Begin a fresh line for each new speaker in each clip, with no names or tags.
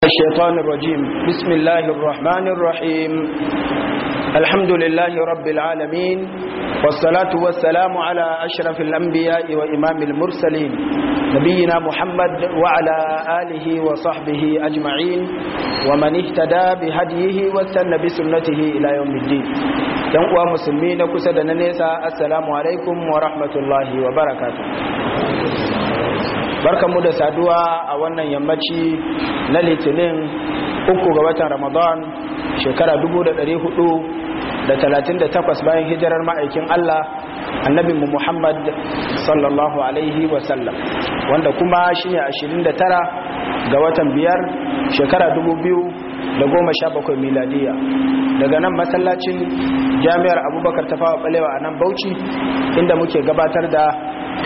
الشيطان الرجيم بسم الله الرحمن الرحيم الحمد لله رب العالمين والصلاة والسلام على أشرف الأنبياء وإمام المرسلين نبينا محمد وعلى آله وصحبه أجمعين ومن اهتدى بهديه واستنى بسنته إلى يوم الدين ينقوى مسلمين كسدنا نيسا السلام عليكم ورحمة الله وبركاته barkanmu da saduwa a wannan yammaci na litinin uku ga watan ramadan shekara 438 bayan hijirar ma'aikin allah mu muhammad sallallahu alaihi wasallam wanda kuma shi ne 29 ga watan biyar shekara da goma sha bakwai miladiya daga nan masallacin jami'ar abubakar ta fawa balewa a nan bauchi inda muke gabatar da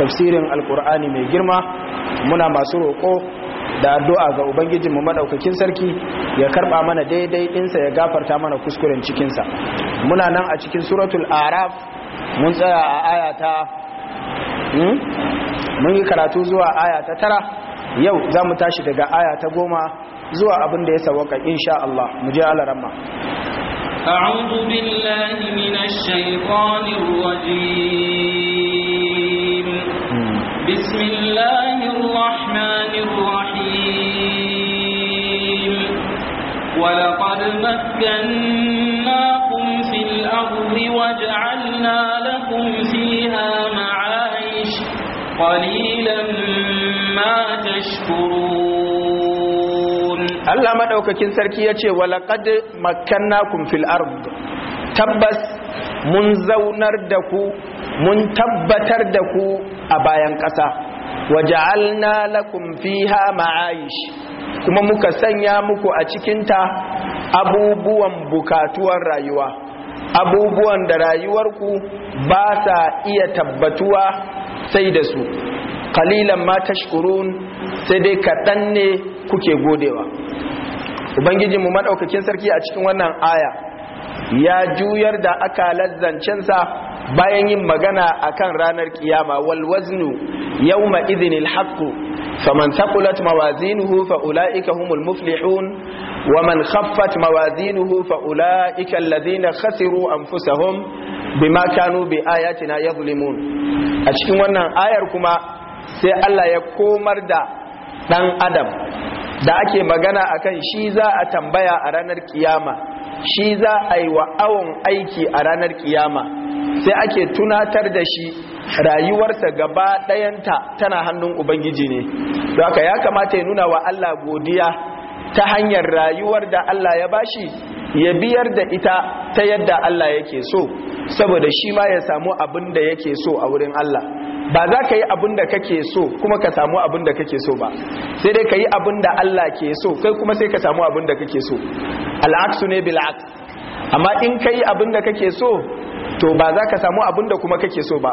tafsirin alkur'ani mai girma muna masu roƙo da addu'a ga ubangijinmu madaukakin sarki ya karba mana daidai ɗinsa ya gafarta mana kuskuren cikinsa muna nan a cikin suratul araf mun tsaya a aya hmm? mun yi karatu zuwa aya ta tara yau za mu tashi daga aya ta goma zuwa abin da ya sawaka insha Allah mu je alaramma
أعوذ بالله من الشيطان الرجيم بسم الله الرحمن الرحيم ولقد مكناكم في الأرض وجعلنا لكم فيها معايش قليلا ما تشكرون
الله ما دعوك كن سركية ولقد مكناكم في الأرض تبس من زونر دكو a bayan ƙasa waja'alna lakum fiha ma'aish kuma muka sanya muku a cikinta abubuwan bukatuwar rayuwa abubuwan da rayuwarku ba sa iya tabbatuwa sai da su qalilan ma tashkurun sai dai kaɗan ne kuke godewa ubangijinmu maɗaukakin sarki a cikin wannan aya ya juyar da aka lazancensa bayan yin magana akan ranar kiyama wal waznu yawma idhinil haqqu faman thaqulat mawazinuhu fa ulaika humul muflihun wa man khaffat mawazinuhu fa ulaika alladhina khasiru anfusahum bima kanu bi ayatina yadhlimun a cikin wannan ayar kuma sai Allah ya komar da dan adam da ake magana akan shi za a tambaya a ranar kiyama shi za a yi wa awon aiki a ranar kiyama sai ake tunatar da shi rayuwarsa gaba ɗayanta tana hannun ubangiji ne haka ya kamata ya nuna wa Allah godiya ta hanyar rayuwar da Allah ya bashi ya biyar da ita ta yadda Allah yake so saboda shi ma ya samu abin da yake so a wurin Allah ba za ka yi abin da kake so kuma ka samu abin da kake so ba sai dai ka yi abin da Allah ke so kai kuma sai ka samu abin da kake so al'aksu ne bilak. amma in ka yi abin da kake so to ba za ka samu abin da kuma kake so ba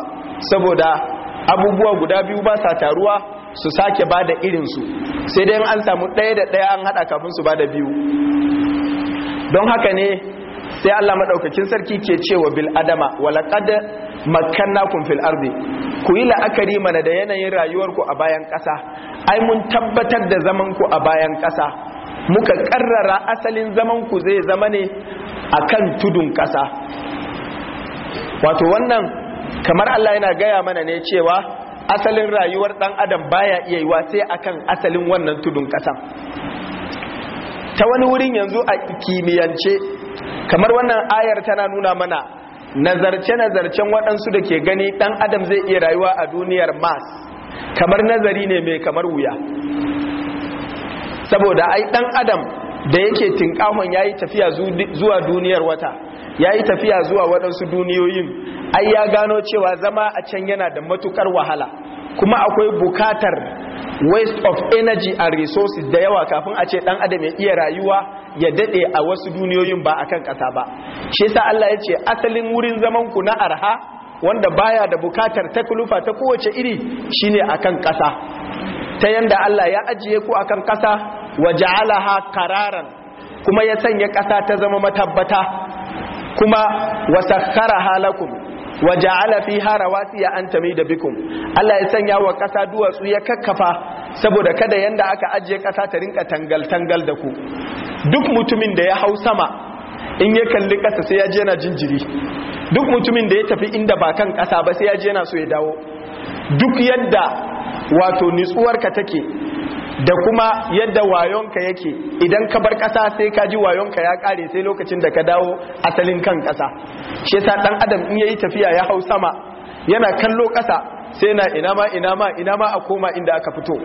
saboda abubuwa guda biyu ba sa taruwa su sake ba da su sai dai an samu ɗaya da ɗaya an haɗa kafin su ba da biyu don haka ne sai allah maɗaukakin sarki ke cewa bil adama walaƙad makannakun fil ardi ku yi la'akari mana da yanayin rayuwar ku a bayan ƙasa ai mun tabbatar da zaman ku a bayan ƙasa muka ƙarrara asalin zaman ku zai zama ne a kan tudun ƙasa wato wannan kamar allah yana gaya mana ne cewa asalin rayuwar dan adam baya iya yiwa sai akan asalin wannan tudun kasa ta wani wurin yanzu a kimiyance kamar wannan ayar tana nuna mana nazarce-nazarcen waɗansu da ke gani ɗan adam zai iya rayuwa a duniyar mars kamar nazari ne mai kamar wuya saboda ai ɗan adam da yake tinkahon yayi tafiya zuwa duniyar wata ya yi tafiya zuwa waɗansu duniyoyin ai ya gano cewa zama a can yana da matukar wahala kuma akwai bukatar waste of energy and resources da yawa kafin a ce ɗan adam ya iya rayuwa ya daɗe a wasu duniyoyin ba a kan ƙasa ba shi sa Allah ya ce asalin wurin zaman ku na arha wanda baya da bukatar takulufa ta kowace iri shine akan ƙasa. ta yanda Allah ya ajiye ku akan ƙasa waje waja'alaha kararan kuma ya sanya ƙasa ta zama matabbata kuma wasakkara halakun wa ja'ala harawa ya an da bikum Allah ya sanya wa kasa duwatsu ya kakkafa saboda kada yanda aka ajiye kasa ta rinka tangal tangal da ku duk mutumin da ya hau sama in ya kalli kasa sai ya je yana jinjiri duk mutumin da ya tafi inda ba kan kasa ba sai ya je yana so ya dawo duk yadda wato nitsuwarka take da kuma yadda wayonka yake idan ka bar ƙasa sai ka ji wayonka ya ƙare sai lokacin da ka dawo asalin kan ƙasa shi yasa dan adam in yayi tafiya ya hau sama yana kallo ƙasa sai na ina ma ina ma ina ma a koma inda aka fito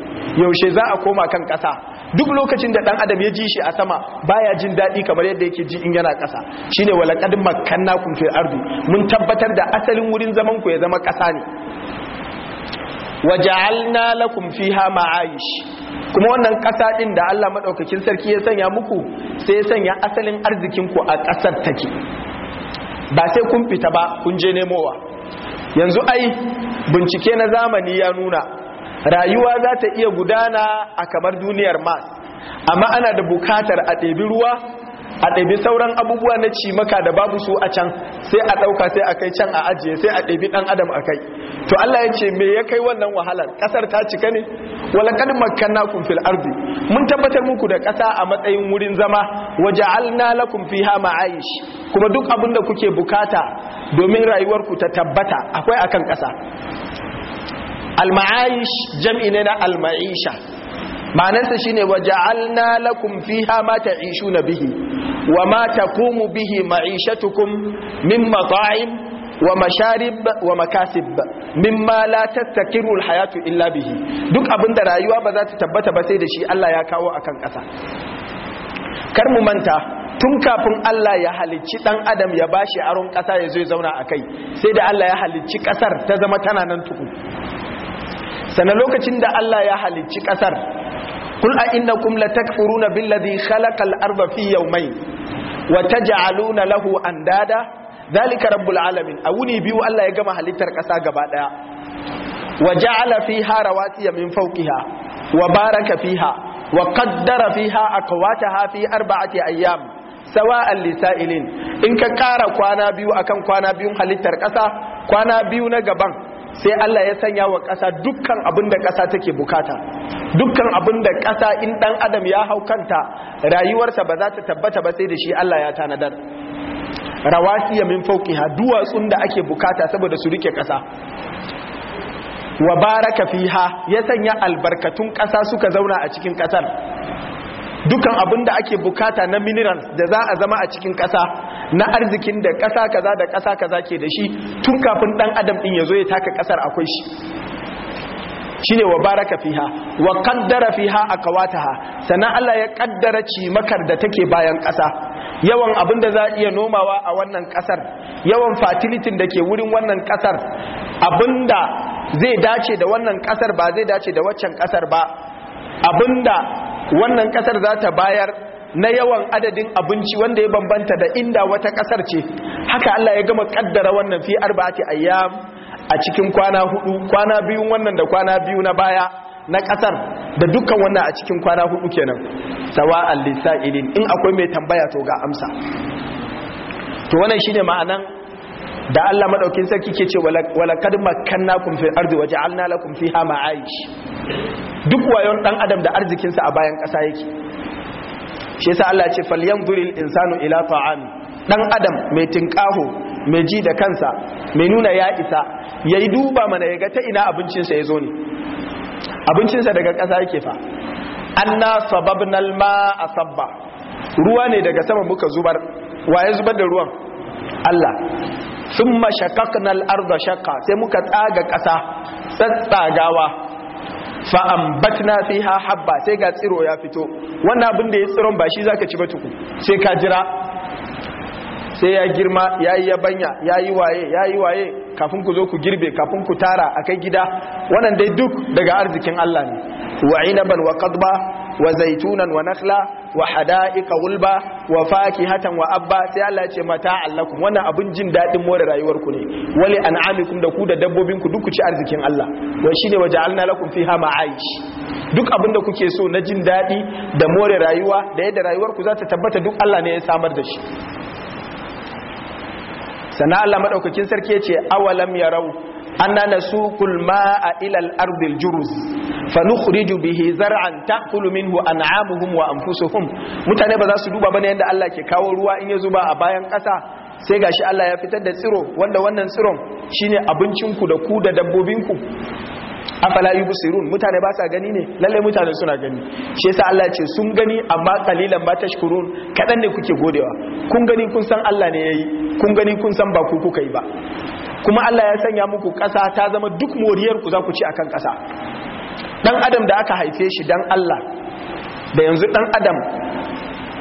yaushe za a koma kan ƙasa duk lokacin da dan adam ya ji shi a sama baya jin daɗi kamar yadda yake ji in yana ƙasa shine walaqad makkannakum fil ardi mun tabbatar da asalin wurin zaman ku ya zama ƙasa ne ja'alna lakum fiha ma'aish kuma wannan ƙasa din da Allah madaukakin sarki ya sanya muku sai ya sanya asalin arzikin ku a ƙasar take ba sai kun fita ba kun je nemowa yanzu ai bincike na zamani ya nuna rayuwa za ta iya gudana a kamar duniyar mars amma ana da bukatar a ɗebi ruwa a ɗabi sauran abubuwa na cimaka da babu su a can sai a ɗauka sai a kai can a ajiye sai a ɗabi ɗan adam a kai to Allah ya ce me ya kai wannan wahalar ƙasar ta cika ne walaƙad kun fil ardi mun tabbatar muku da ƙasa a matsayin wurin zama waja'alna lakum fiha ma'aish kuma duk abin da kuke bukata domin rayuwarku ta tabbata akwai akan ƙasa al jam'i ne na al ma'anarsa shine wa ja'alna lakum fiha ma ta'ishuna bihi wa ma taqumu bihi ma'ishatukum min mata'im wa masharib wa makasib mimma la tastakiru alhayatu illa bihi duk abinda rayuwa ba za ta tabbata ba sai da shi Allah ya kawo akan kasa kar mu manta tun kafin Allah ya halicci dan adam ya bashi aron kasa ya zo ya zauna a kai sai da Allah ya halicci kasar ta zama tana nan tukun. sannan lokacin da Allah ya halicci kasar kul a innakum latakfuruna billadhi khalaqal arda fi yawmayn wa taj'aluna lahu andada zalika rabbul alamin a wuni biyu Allah ya gama halittar ƙasa gabaɗaya. wa ja'ala fiha rawasiya min fawqiha wa baraka fiha wa qaddara fiha aqwataha fi arba'ati ayyam sawa'an lisa'ilin in ka kara kwana biyu akan kwana biyun halittar ƙasa kwana biyu na gaban sai Allah ya sanya wa ƙasa dukkan abin da ƙasa take bukata dukkan abin da ƙasa in ɗan adam ya hau kanta rayuwarsa ba za ta tabbata ba sai da shi Allah ya tanadar rawasiya min fauqiha duwatsun da ake bukata saboda su rike ƙasa wa baraka fiha ya sanya albarkatun ƙasa suka zauna a cikin ƙasar dukan abin da ake bukata na mineral da za a zama a cikin kasa na arzikin da kasa kaza da kasa kaza ke da shi tun kafin dan adam ɗin ya zo ya taka ƙasar akwai shi shine wa baraka fiha wa qaddara fiha akawataha sana Allah ya kaddara cimakar da take bayan kasa. yawan abin da za a iya nomawa a wannan kasar yawan fertility da ke wurin wannan kasar abinda zai dace da wannan kasar ba zai dace da waccan kasar ba abinda wannan kasar za ta bayar na yawan adadin abinci wanda ya bambanta da inda wata kasar ce haka Allah ya gama kaddara wannan fi arba'ati ayyam a cikin kwana hudu kwana biyu wannan da kwana biyu na baya na kasar da dukkan wannan a cikin kwana hudu kenan sawa'an lisa'ilin in akwai mai tambaya to ga amsa to wannan shine ma'anan da Allah madaukin sarki ke ce walakad makkannakum fil ardi waja'alna lakum fiha ma'aish duk wayon dan adam da arzikin sa a bayan kasa yake shi yasa Allah ya ce falyanzuril insanu ila ta'am dan adam mai tinkaho mai ji da kansa mai nuna ya isa yayi duba mana yaga ta ina abincin sa yazo ne abincin sa daga kasa yake fa anna sababnal ma'a sabba ruwa ne daga sama muka zubar waye zubar da ruwan Allah sun mashakaknal arda shakka sai muka tsaga ƙasa tsatsagawa fa'an batna fi ha habba sai ga tsiro ya fito wannan abin da ya tsiron ba shi za ka ci ba tuku sai ka jira sai ya girma ya yi yabanya ya yi waye ya yi waye kafin ku zo ku girbe kafin ku tara a kai gida wannan dai duk daga arzikin Allah ne wa inaban wa qadba wa zaitunan wa nakhla wa hada'ika wulba wa fakihatan wa abba sai Allah ya ce mata lakum wannan abin jin dadin more rayuwar ku ne wali an'amikum da ku da dabbobin ku duk ci arzikin Allah wa shine waja'alna lakum fiha ma'aish duk abin da kuke so na jin dadi da more rayuwa da yadda rayuwar ku za ta tabbata duk Allah ne ya samar da shi sana Allah madaukakin sarki ya ce awalam yarau anna nasuqul ma'a ila al-ardil juruz fanukhriju bihi zar'an taqulu minhu an'amuhum wa anfusuhum mutane ba za su duba bane yanda Allah ke kawo ruwa in ya zuba a bayan kasa, sai gashi Allah ya fitar da tsiro wanda wannan tsiron shine abincinku da ku da dabbobinku afala yubsirun mutane ba sa gani ne lalle mutane suna gani shi yasa Allah ce sun gani amma qalilan ba tashkurun kadan ne kuke godewa kun gani kun san Allah ne yayi kun gani kun san ba ku kuka yi ba kuma Allah ya sanya muku ƙasa ta zama duk moriyar ku za ku ci akan ƙasa dan adam da aka haife shi dan Allah da yanzu ɗan adam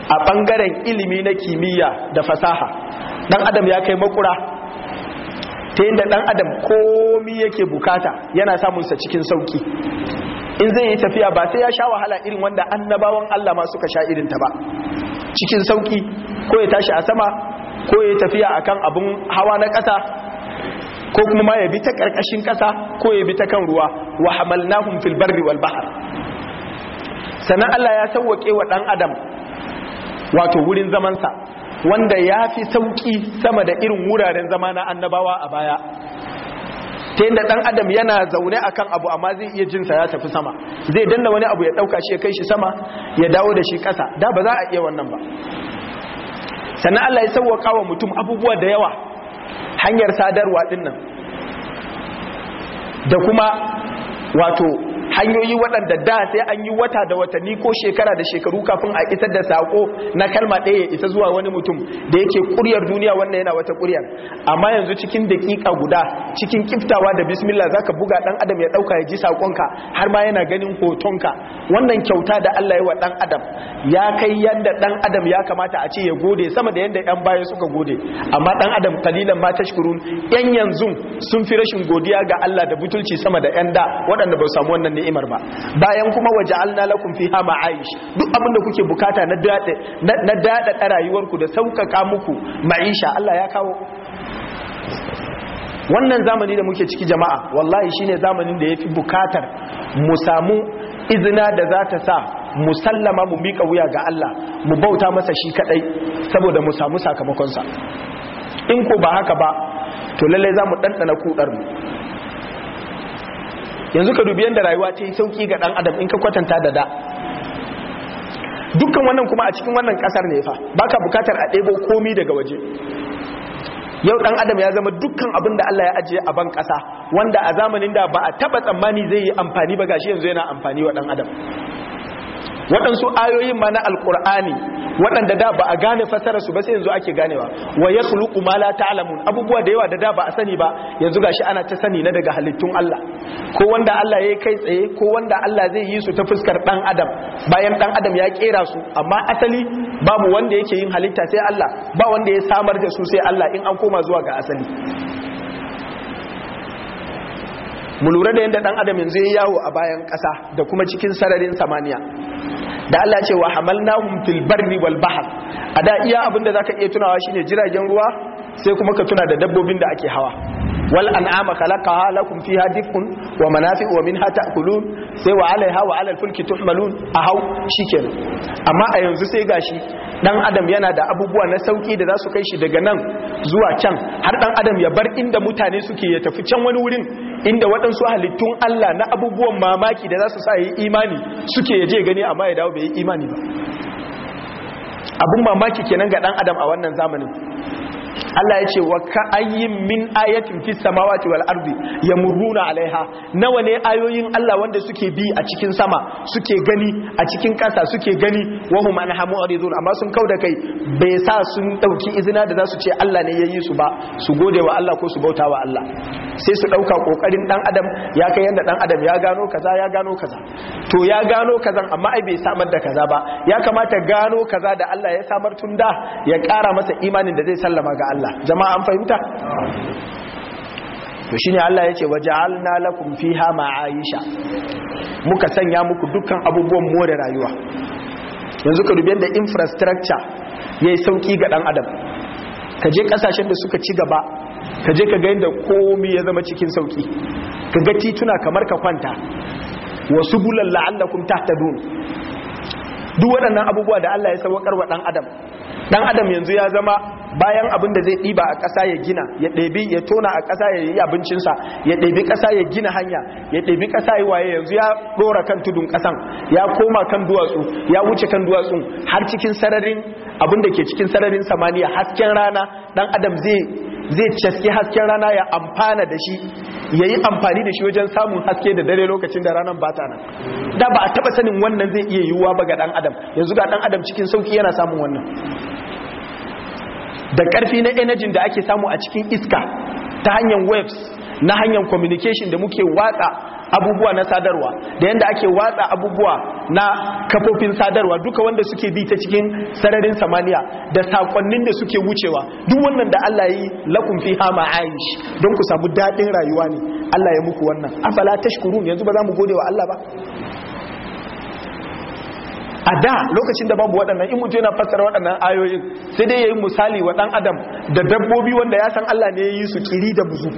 a ɓangaren ilimi na kimiyya da fasaha dan adam ya kai makura ta yadda ɗan adam komi yake bukata yana samunsa cikin sauki in zai yi tafiya ba sai ya sha wahala irin wanda annabawan Allah ma suka sha irin ta ba cikin sauki ko ya tashi a sama ko ya tafiya akan abun hawa na ƙasa ko kuma ma ya bi ta karkashin kasa ko ya bi ta kan ruwa wa hamalnahum fil barri wal bahr sanan Allah ya sauwake wa dan adam wato wurin zaman sa wanda ya fi sauki sama da irin wuraren zama na annabawa a baya ta yadda dan adam yana zaune akan abu amma zai iya jinsa ya tafi sama zai danna wani abu ya dauka shi ya kai shi sama ya dawo da shi kasa da ba za a iya wannan ba sannan Allah ya sauwaka wa mutum abubuwa da yawa hanyar sadarwa dinnan da kuma wato hanyoyi waɗanda da sai an yi wata da watanni ko shekara da shekaru kafin a isar da sako na kalma ɗaya isa zuwa wani mutum da yake ƙuryar duniya wannan yana wata kuryar amma yanzu cikin daƙiƙa guda cikin kiftawa da bismillah zaka buga ɗan adam ya ɗauka ya ji sakonka har ma yana ganin hotonka wannan kyauta da Allah ya wa ɗan adam ya kai yanda ɗan adam ya kamata a ce ya gode sama da yanda yan baya suka gode amma ɗan adam kalilan ma tashkurun yan yanzu sun fi rashin godiya ga Allah da butulci sama da yan da waɗanda ba su samu wannan ni'imar ba bayan kuma waja'alna lakum fiha ma'aish duk abin da kuke bukata na dada na rayuwarku da saukaka muku ma'isha Allah ya kawo wannan zamani da muke ciki jama'a wallahi shine zamanin da ya fi bukatar mu samu izina da za ta sa sallama mu mika wuya ga Allah mu bauta masa shi kadai saboda mu samu sakamakonsa in ko ba haka ba to lallai za mu ɗanɗana kudar mu yanzu ka dubi yadda rayuwa ce yi sauki ga dan adam in ka kwatanta da da dukkan wannan kuma a cikin wannan kasar ne fa baka bukatar a ɗebo komi daga waje yau ɗan adam ya zama dukkan abin da Allah ya ajiye a ban kasa wanda a zamanin da ba a taba tsammani zai yi amfani ba gashi yanzu yana amfani wa ɗan adam waɗansu ayoyin ma na alkur'ani waɗanda da ba a gane fasara su ba sai yanzu ake ganewa wa ya kuluku ma la ta'lamun abubuwa da yawa da da ba a sani ba yanzu gashi ana ta sani na daga halittun Allah ko wanda Allah ya kai tsaye ko wanda Allah zai yi su ta fuskar dan adam bayan dan adam ya kera su amma asali babu wanda yake yin halitta sai Allah ba wanda ya samar da su sai Allah in an koma zuwa ga asali mu lura da yadda dan adam yanzu ya yawo a bayan kasa da kuma cikin sararin samaniya da Allah ce wa hamalnahum fil barri wal bahr a da iya da zaka iya tunawa shine jiragen ruwa sai kuma ka tuna da dabbobin da ake hawa wal an'ama khalaqaha lakum fiha dif'un wa manafi'u wa minha ta'kulun sai wa 'alayha wa 'alal fulki tuhmalun a hau shikenan amma a yanzu sai gashi dan adam yana da abubuwa na sauki da zasu kai shi daga nan zuwa can har dan adam ya bar inda mutane suke ya tafi can wani wurin inda waɗansu halittun Allah na abubuwan mamaki da za su sa yi imani suke yaje gani amma ya dawo bai yi imani ba abun mamaki kenan ga ɗan adam a wannan zamanin Allah ya ce wa ka ayyin min ayatin fi samawati wal ardi yamuruna alaiha nawa ne ayoyin Allah wanda suke bi a cikin sama suke gani a cikin kasa suke gani wa hum an hamu aridun amma sun kauda kai bai sa sun dauki izina da zasu ce Allah ne yayi su ba su gode wa Allah ko su bauta wa Allah sai su dauka kokarin dan adam ya kai yanda dan adam ya gano kaza ya gano kaza to ya gano kaza amma ai bai samar da kaza ba ya kamata gano kaza da Allah ya samar tun da ya kara masa imanin da zai sallama ga Allah Allah jama'a an fahimta to shine Allah yace waja'alna lakum fiha ma'aisha muka sanya muku dukkan abubuwan more rayuwa yanzu ka dubi da infrastructure yayi sauki ga dan adam ka je kasashen da suka ci gaba ka je ka ga yadda komai ya zama cikin sauki ka ga tituna kamar ka kwanta wasu bulan la'allakum tahtadun duk waɗannan abubuwa da Allah ya sauƙar wa ɗan adam ɗan adam yanzu ya zama bayan abin da zai ɗiba a ƙasa ya gina ya ɗebi ya tona a ƙasa ya yi abincinsa ya ɗebi ƙasa ya gina hanya ya ɗebi ƙasa ya waye yanzu ya ɗora kan tudun ƙasan ya koma kan duwatsu ya wuce kan duwatsun har cikin sararin abin da ke cikin sararin samaniya hasken rana ɗan adam zai zai caske hasken rana ya amfana da shi ya yi amfani da shi wajen samun haske da dare lokacin da ranar ba ta nan da ba a taba sanin wannan zai iya yiwuwa ba ga ɗan adam yanzu ga ɗan adam cikin sauki yana samun wannan da karfi na energy da ake samu a cikin iska ta hanyar waves na hanyar communication da muke watsa abubuwa na sadarwa da yadda ake watsa abubuwa na kafofin sadarwa duka wanda suke bi ta cikin sararin samaniya da sakonnin da suke wucewa duk wannan da Allah yi lakum fi hama aish don ku samu daɗin rayuwa ne Allah ya muku wannan afala tashkurun yanzu ba za mu gode wa Allah ba a da lokacin da babu waɗannan in mutu yana fassara waɗannan ayoyin sai dai ya yi misali wa ɗan adam da dabbobi wanda ya san Allah ne ya yi su kiri da buzu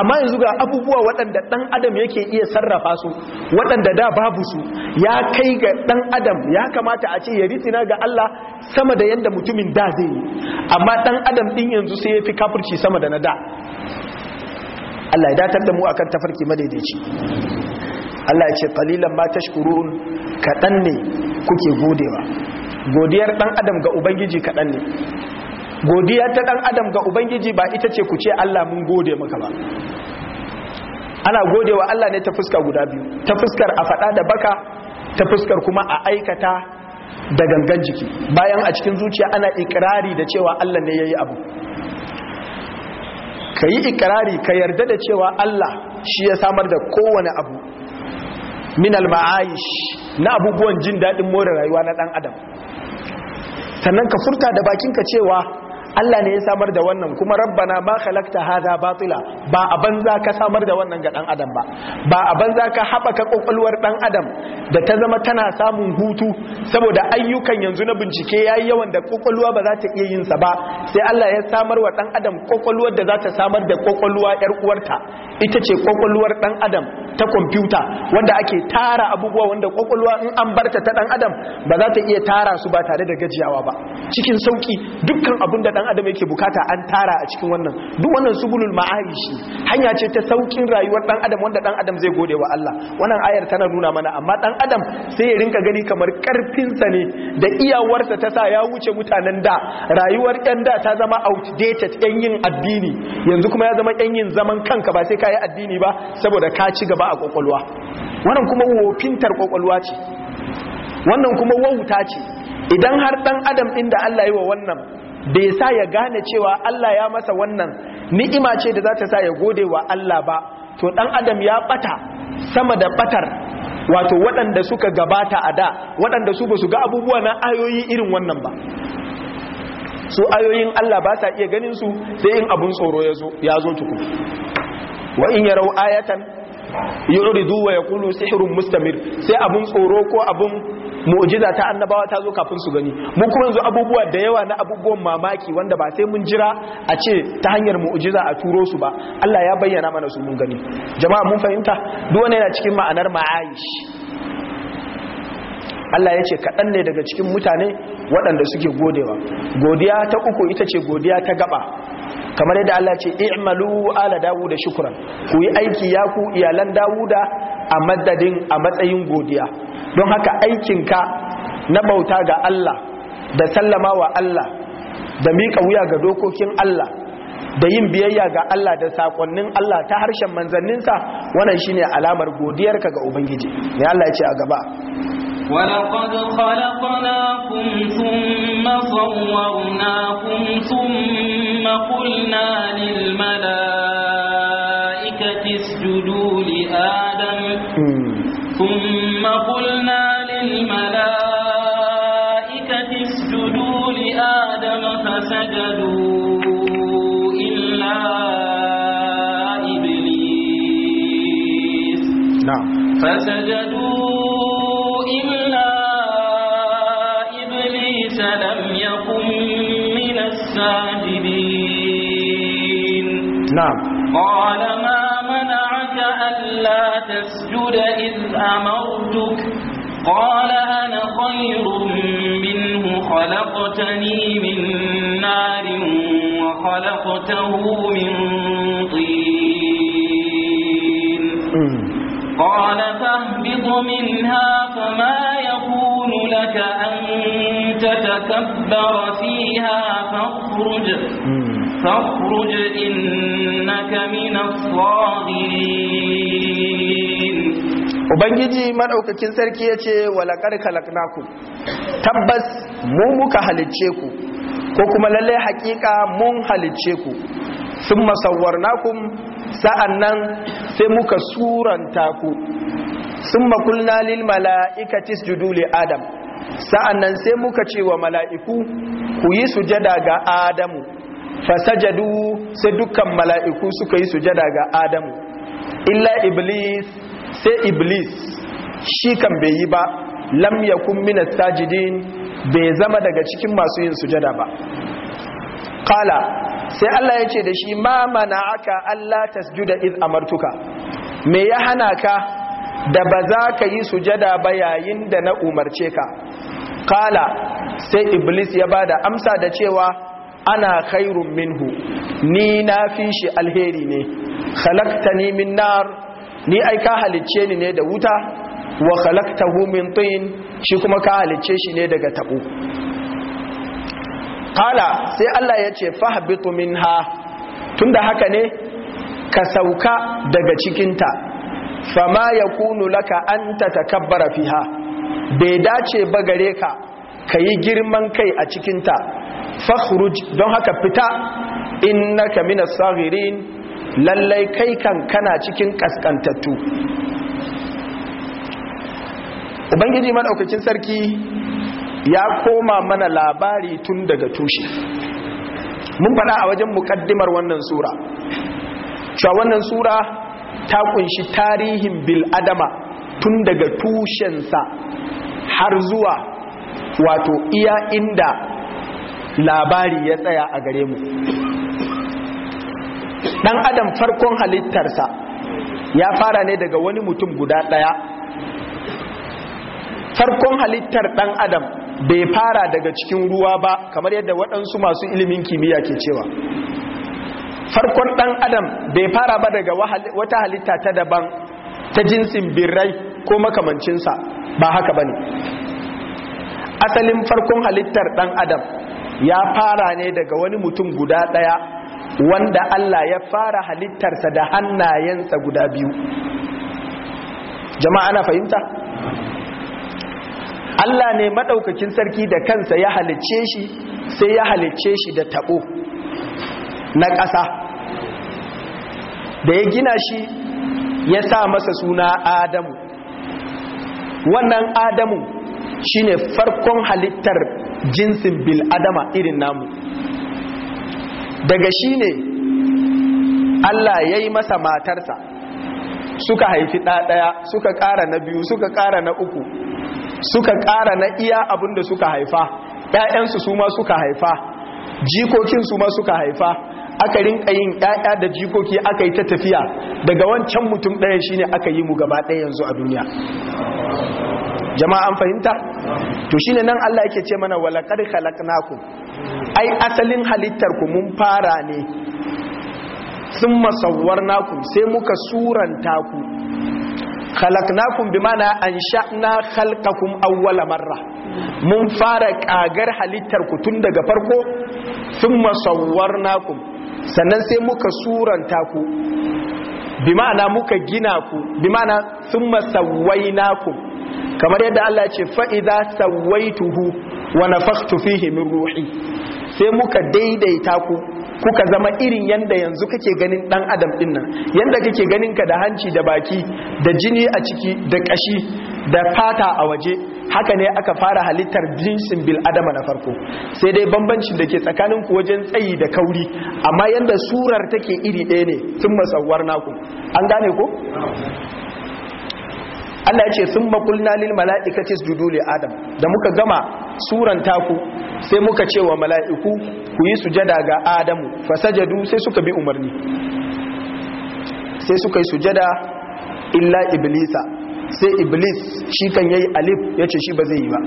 amma yanzu ga abubuwa waɗanda ɗan adam yake iya sarrafa su waɗanda da babu su ya kai ga ɗan adam ya kamata a ce ya ritina ga Allah sama da yadda mutumin da zai yi amma ɗan adam ɗin yanzu sai ya fi kafirci sama da na da Allah ya datar da mu akan tafarki madaidaici Allah ya ce qalilan ma tashkurun kaɗan ne kuke godewa godiyar ɗan adam ga ubangiji kaɗan ne Godiyar ta ɗan adam ga ubangiji ba ita ce ku ce allah mun gode maka ba ana godewa allah ne ta fuska guda biyu ta fuskar a faɗa da baka ta fuskar kuma a aikata da gangan jiki bayan a cikin zuciya ana ikirari da cewa allah ne ya yi abu ka yi ikirari ka yarda da cewa allah shi ya samar da kowane abu min alma'aish na abubuwan jin daɗin more rayuwa na dan adam sannan ka furta da bakinka cewa Allah ne ya samar da wannan kuma rabbana ma khalaqta hadha batila ba a banza ka samar da wannan ga dan adam ba ba a banza ka haɓaka kokulwar dan adam da ta zama tana samun hutu saboda ayyukan yanzu na bincike yayi yawan da kokulwa ba za ta iya yin sa ba sai Allah ya samar wa dan adam kokulwar da za ta samar da kokulwa yar uwarta ita ce kokulwar dan adam ta kwamfuta wanda ake tara abubuwa wanda kokulwa in an barta ta dan adam ba za ta iya tara su ba tare da gajiyawa ba cikin sauki dukkan abin da dan adam yake bukata an tara a cikin wannan duk wannan subulul ma'aishi hanya ce ta saukin rayuwar dan adam wanda dan adam zai gode wa Allah wannan ayar tana nuna mana amma dan adam sai ya rinka gani kamar karfinsa ne da iyawarsa ta sa ya wuce mutanen da rayuwar yan da ta zama outdated yan yin addini yanzu kuma ya zama yan yin zaman kanka ba sai ka yi addini ba saboda ka ci gaba a kwakwalwa wannan kuma wofintar kwakwalwa ce wannan kuma wauta ce idan har dan adam inda Allah yi wa wannan bai sa ya gane cewa Allah ya masa wannan ni'ima ce da za ta sa ya gode wa Allah ba to dan adam ya ɓata sama da ɓatar wato waɗanda suka gabata a da waɗanda su ba su ga abubuwa na ayoyi irin wannan ba su ayoyin Allah ba sa iya ganin su sai in abun tsoro ya zo ya zo tuku wa in yarau ayatan yuridu wa yaqulu sihrun mustamir sai abun tsoro ko abun mu'jiza ta annabawa ta zo kafin su gani mu kuma yanzu abubuwa da yawa na abubuwan mamaki wanda ba sai mun jira a ce ta hanyar mu'jiza a turo su ba Allah ya bayyana mana su mun gani jama'a mun fahimta duk wani yana cikin ma'anar ma'aish Allah ya ce kaɗan ne daga cikin mutane waɗanda suke godewa godiya ta uku ita ce godiya ta gaba kamar yadda Allah ce i'malu ala dawud shukran ku yi aiki ya ku iyalan dawuda a madadin a matsayin godiya don haka aikin ka na bauta ga Allah da sallama wa Allah da mika wuya ga dokokin Allah da yin biyayya ga Allah da sakonnin Allah ta harshen manzanninsa wannan shine alamar godiyar ka ga ubangiji ne Allah ya ce a gaba ولقد
خلقناكم ثم صورناكم ثم قلنا للملائكة اسجدوا لآدم ثم قلنا للملائكة اسجدوا لآدم فسجدوا إلا إبليس نعم فسجدوا نعم قال ما منعك ألا تسجد إذ أمرتك قال أنا خير منه خلقتني من نار وخلقته من طين قال فاهبط منها فما يكون لك أن تتكبر فيها فاخرج فاخرج
إنك من الصاغرين Ubangiji maɗaukakin sarki yace ce walakar kalaknaku tabbas mu muka halicce ku ko kuma lalle haƙiƙa mun halicce ku sun masauwarnakum sa'an nan sai muka suranta ku sun makulna lil mala'ikatis juduli adam sa'an nan sai muka ce wa mala'iku ku yi sujada ga adamu fasajadu sai dukkan mala'iku suka yi sujada ga adamu illa iblis sai iblis shi kan bai yi ba lam Kun min sajidin bai zama daga cikin masu yin sujada ba kala sai Allah ya ce da shi ma mana ka Allah tasjuda id amartuka me ya hana ka da ba za ka yi sujada ba yayin da na umarce ka kala sai iblis ya ba da amsa da cewa ana khairun minhu ni na fi shi alheri ne khalaqtani min nar ni ai ka halicce ni ne da wuta wa khalaqtahu min tin shi kuma ka halicce shi ne daga tabo kala sai Allah ya ce fahbitu minha tunda haka ne ka sauka daga cikinta fama yakunu laka an tatakabbara fiha bai dace ba gare ka kayi girman kai a cikinta fakhruj don haka fita innaka minas saghirin lallai kai kan kana cikin kaskantattu ubangiji madaukakin sarki ya koma mana labari tun daga tushe mun faɗa a wajen muƙaddimar wannan sura cewa wannan sura ta kunshi tarihin bil adama tun daga tushensa har zuwa wato iya inda labari ya tsaya a gare mu dan adam farkon halittarsa ya fara ne daga wani mutum guda daya farkon halittar dan adam bai fara daga cikin ruwa ba kamar yadda waɗansu masu ilimin kimiyya ke cewa farkon dan adam bai fara ba daga wata halitta ta daban ta jinsin birrai ko makamancinsa ba haka bane asalin farkon halittar dan adam ya fara ne daga wani mutum guda ɗaya wanda Allah ya fara halittarsa da hannayensa guda biyu jama'a na fahimta Allah ne maɗaukakin sarki da kansa ya halicce shi sai ya halicce shi da taɓo na ƙasa da ya gina shi ya sa masa suna Adamu wannan Adamu shine farkon halittar jinsin bil'adama irin namu daga shi ne Allah ya yi masa matarsa suka haifi ɗaɗaya suka ƙara na biyu suka ƙara na uku suka ƙara na iya abinda suka haifa ‘ya'yansu su ma suka haifa jikokin su ma suka haifa aka rinka yin ‘ya'ya da jikoki aka yi ta tafiya daga wancan mutum ɗaya shine aka yi mu gaba ɗaya yanzu a duniya jama'a an fahimta to shine nan Allah yake ce mana wala qad khalaqnakum ai asalin halittar ku mun fara ne sun masawwarnakum sai muka suranta ku khalaqnakum mana ansha'na khalqakum awwala marra mun fara kagar halittar ku tun daga farko sun masawwarnakum sannan sai muka suranta ku bi muka gina ku bi ma'ana sun masawai naku kamar yadda Allah ce fa'iza sawaituhu wa nafaktu fihi min ruhi sai muka daidaita ku kuka zama irin yanda yanzu kake ganin dan adam dinnan yadda yanda kake ganinka da hanci da baki da jini a ciki da ƙashi. da fata a waje haka ne aka fara halittar jinsin bil adama na farko sai dai bambancin da ke tsakanin ku wajen tsayi da kauri amma yadda surar take iri ɗaya ne tun masauwar naku an gane ko Allah ya ce sun makulna lil mala'ikati sujudu adam da muka gama suran taku sai muka ce wa mala'iku ku yi sujada ga adamu fasajadu sai suka bi umarni sai suka yi sujada illa iblisa sai iblis shi kan yayi alif yace shi ba zai yi ba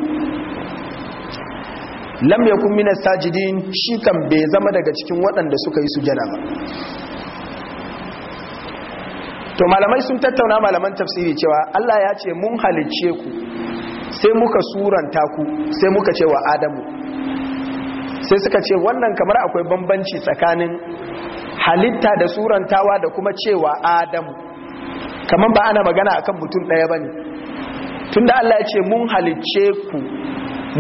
lam yakun min sajidin shi kan bai zama daga cikin waɗanda suka yi sujada ba to malamai sun tattauna malaman tafsiri cewa Allah ya ce mun halicce ku sai muka suranta ku sai muka ce Adamu sai suka ce wannan kamar akwai bambanci tsakanin halitta da surantawa da kuma cewa Adamu kamar ba ana magana akan mutum ɗaya ba ne tunda Allah ya ce mun halicce ku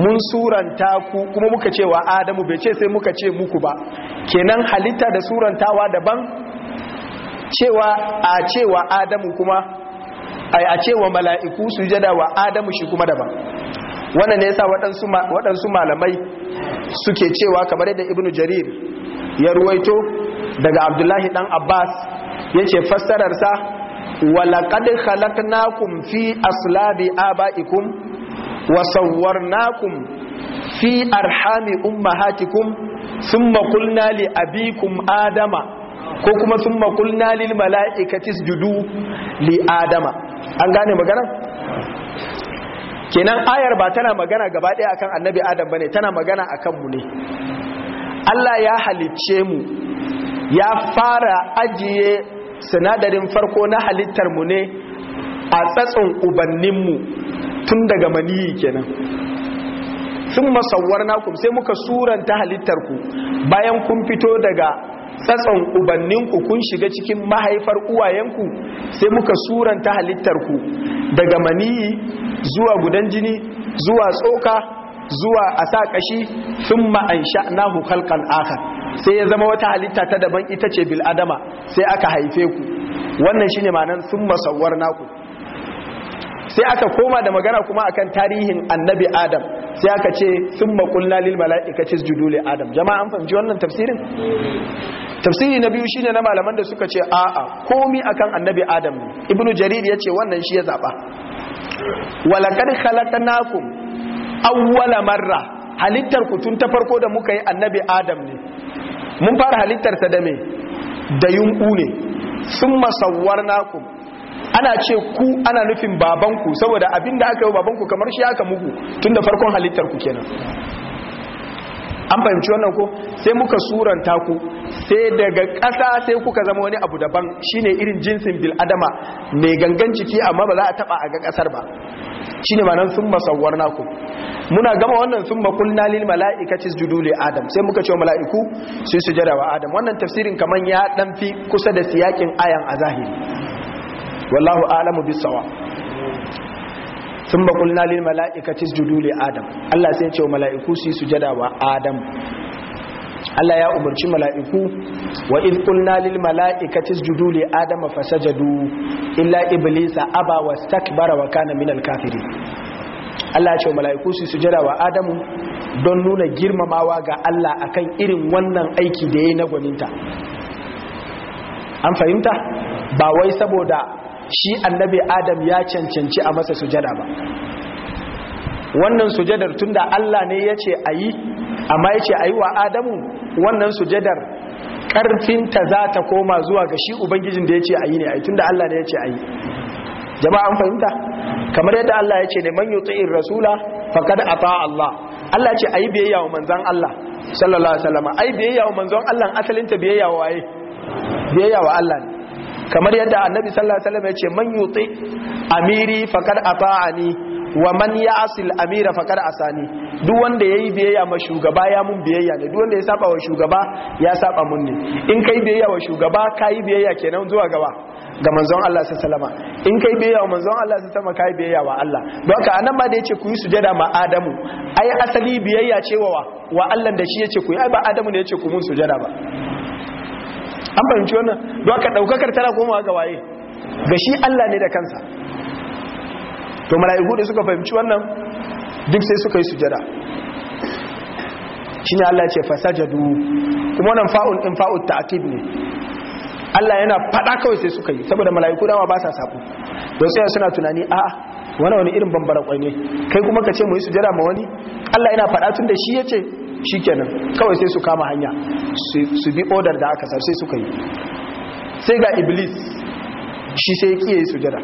mun suranta ku kuma muka cewa adamu bai ce sai muka ce muku ba kenan halitta da surantawa daban cewa a cewa adamu kuma ai a cewa mala'iku su jada wa adamu shi kuma daban wannan ne yasa waɗansu malamai suke cewa kamar yadda ibnu jarir ya ruwaito daga abdullahi dan abbas yace fassararsa fassararsa. walaƙad halaknakum fi aslabi aba'ikum wa fi arhami ummahatikum thumma qulna li adama ko kuma sun qulna lil mala'ikati isjudu li adama an gane magana kenan ayar ba tana magana gaba akan annabi adam bane tana magana akan mu ne Allah ya halicce mu ya fara ajiye sinadarin farko na halittar mu ne a tsatson ubanninmu tun daga maniyi kenan sun masauwar ku sai muka suranta halittarku bayan kun fito daga tsatson ubanninku kun shiga cikin mahaifar uwayenku sai muka suranta halittarku daga maniyi zuwa gudan jini zuwa tsoka zuwa a sa kashi sun ma'ansha na hukalkan akhar sai ya zama wata halitta ta daban ita ce bil adama sai aka haife ku wannan shine manan sun masauwar naku sai aka koma da magana kuma akan tarihin annabi adam sai aka ce sun makulla lil mala'ikaci sujudu adam jama'an fahimci wannan tafsirin tafsiri na biyu shine na malaman da suka ce a'a komi akan annabi adam ibnu jarir ya ce wannan shi ya zaba halatta naku. awwala marra halittar ku tun ta farko da muka yi annabi adam ne mun fara halittar sa da me da yunku ne sun masawar naku ana ce ku ana nufin babanku saboda abin da aka yi babanku kamar shi aka muku tun da farkon halittar ku kenan an fahimci wannan ko sai muka suranta ku sai daga ƙasa sai kuka zama wani abu daban shine irin jinsin bil'adama mai gangan ciki amma ba za a taba a ga ƙasar ba shine ma nan sun na naku muna gama wannan sun makulna lil mala'ikati sujudu li adam sai muka ce mala'iku su sujada wa adam wannan tafsirin kaman ya dan fi kusa da siyakin ayan a zahiri wallahu a'lamu bis sun makulna lil mala'ikati sujudu li adam Allah sai ya ce wa mala'iku su yi sujada wa adam Allah ya umarci mala'iku wa in qulna lil mala'ikati isjudu li adama fasajadu illa iblisa aba wastakbara wa kana min kafirin Allah ya ce mala'iku su sujada wa Adamu don nuna girmamawa ga Allah akan irin wannan aiki da yayi na gwaninta an fahimta ba wai saboda shi annabi adam ya cancanci a masa sujada ba wannan sujadar tunda Allah ne ya ce a yi amma ya ce a yi wa adamu wannan sujadar ƙarfinta za ta koma zuwa ga shi ubangijin da ya ce a yi ne a yi tunda Allah ne ya ce a yi jama'a an fahimta kamar yadda Allah ya ce ne man tsayin rasula a ata Allah Allah ce a yi biyayya wa manzan Allah sallallahu alaihi wasallam ai biyayya wa manzan Allah asalinta biyayya wa waye biyayya wa Allah ne kamar yadda annabi sallallahu alaihi wasallam ya ce man yuti amiri faqad ata'ani wa man ya'sil amira faqad asani duk wanda yayi biyayya ma shugaba ya mun biyayya ne duk wanda ya saba wa shugaba ya saba mun ne in kai biyayya wa shugaba kai biyayya kenan zuwa gaba ga manzon Allah sallallahu alaihi wasallam in kai biyayya wa manzon Allah sallallahu alaihi wasallam kai biyayya wa Allah don haka anan ma da yace ku yi sujada ma Adamu ai asali biyayya ce wa wa Allah da shi yace ku yi ai ba Adamu ne yace ku mun sujada ba an fahimci wannan don aka daukakar tana komawa ga waye ga shi Allah ne da kansa to mala'iku da suka fahimci wannan duk sai suka yi sujada shine Allah ya ce fasajadu kuma wannan fa'un in fa'ut ta'kid ne Allah yana fada kawai sai suka yi saboda mala'iku dama ba sa sako don sai suna tunani a wani wani irin bambara kwai ne kai kuma ka ce mu yi sujada ma wani Allah yana fada tun da shi yace shikenan kawai sai su kama hanya su bi odar da aka sai suka yi sai ga iblis shi sai su jira.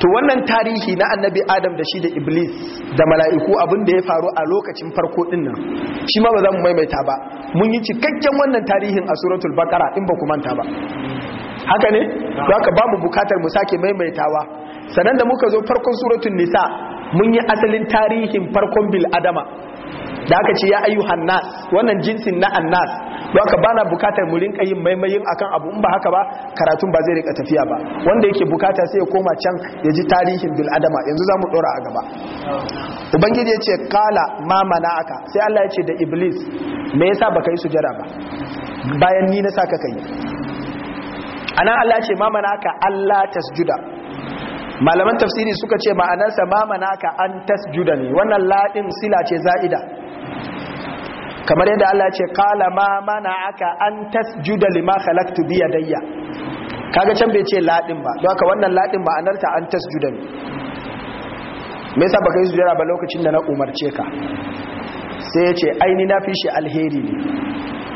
to wannan tarihi na annabi adam da shi da iblis da mala'iku abinda ya faru a lokacin farko din nan shi ma ba za mu maimaita ba mun yi cikakken wannan tarihin a suratul bakara in ba ku manta ba haka ne ba ka ba mu bukatar mu sake maimaitawa sanan da muka zo farkon suratun nisa mun yi asalin tarihin farkon bil adama da aka ce ya ayu hannas wannan jinsin na annas don ka bana bukatar mu rinka yin maimayin akan abu in ba haka ba karatun ba zai rika tafiya ba wanda yake bukata sai ya koma can ya ji tarihin bil adama yanzu zamu dora a gaba ubangiji ya ce kala ma mana aka sai Allah ya ce da iblis me yasa baka yi sujada ba bayan ni na saka kai anan Allah ya ce ma mana aka Allah tasjuda malaman tafsiri suka ce ma'anarsa ma manaka an tasjudani wannan laɗin sila ce za'ida kamar yadda Allah ce qala ma aka an tasjuda lima khalaqtu bi yadayya kaga can bai ce laɗin ba don haka wannan laɗin ma'anarta an ne. me yasa baka yi sujjara ba lokacin da na umarce ka sai ya ce aini na fi shi alheri ne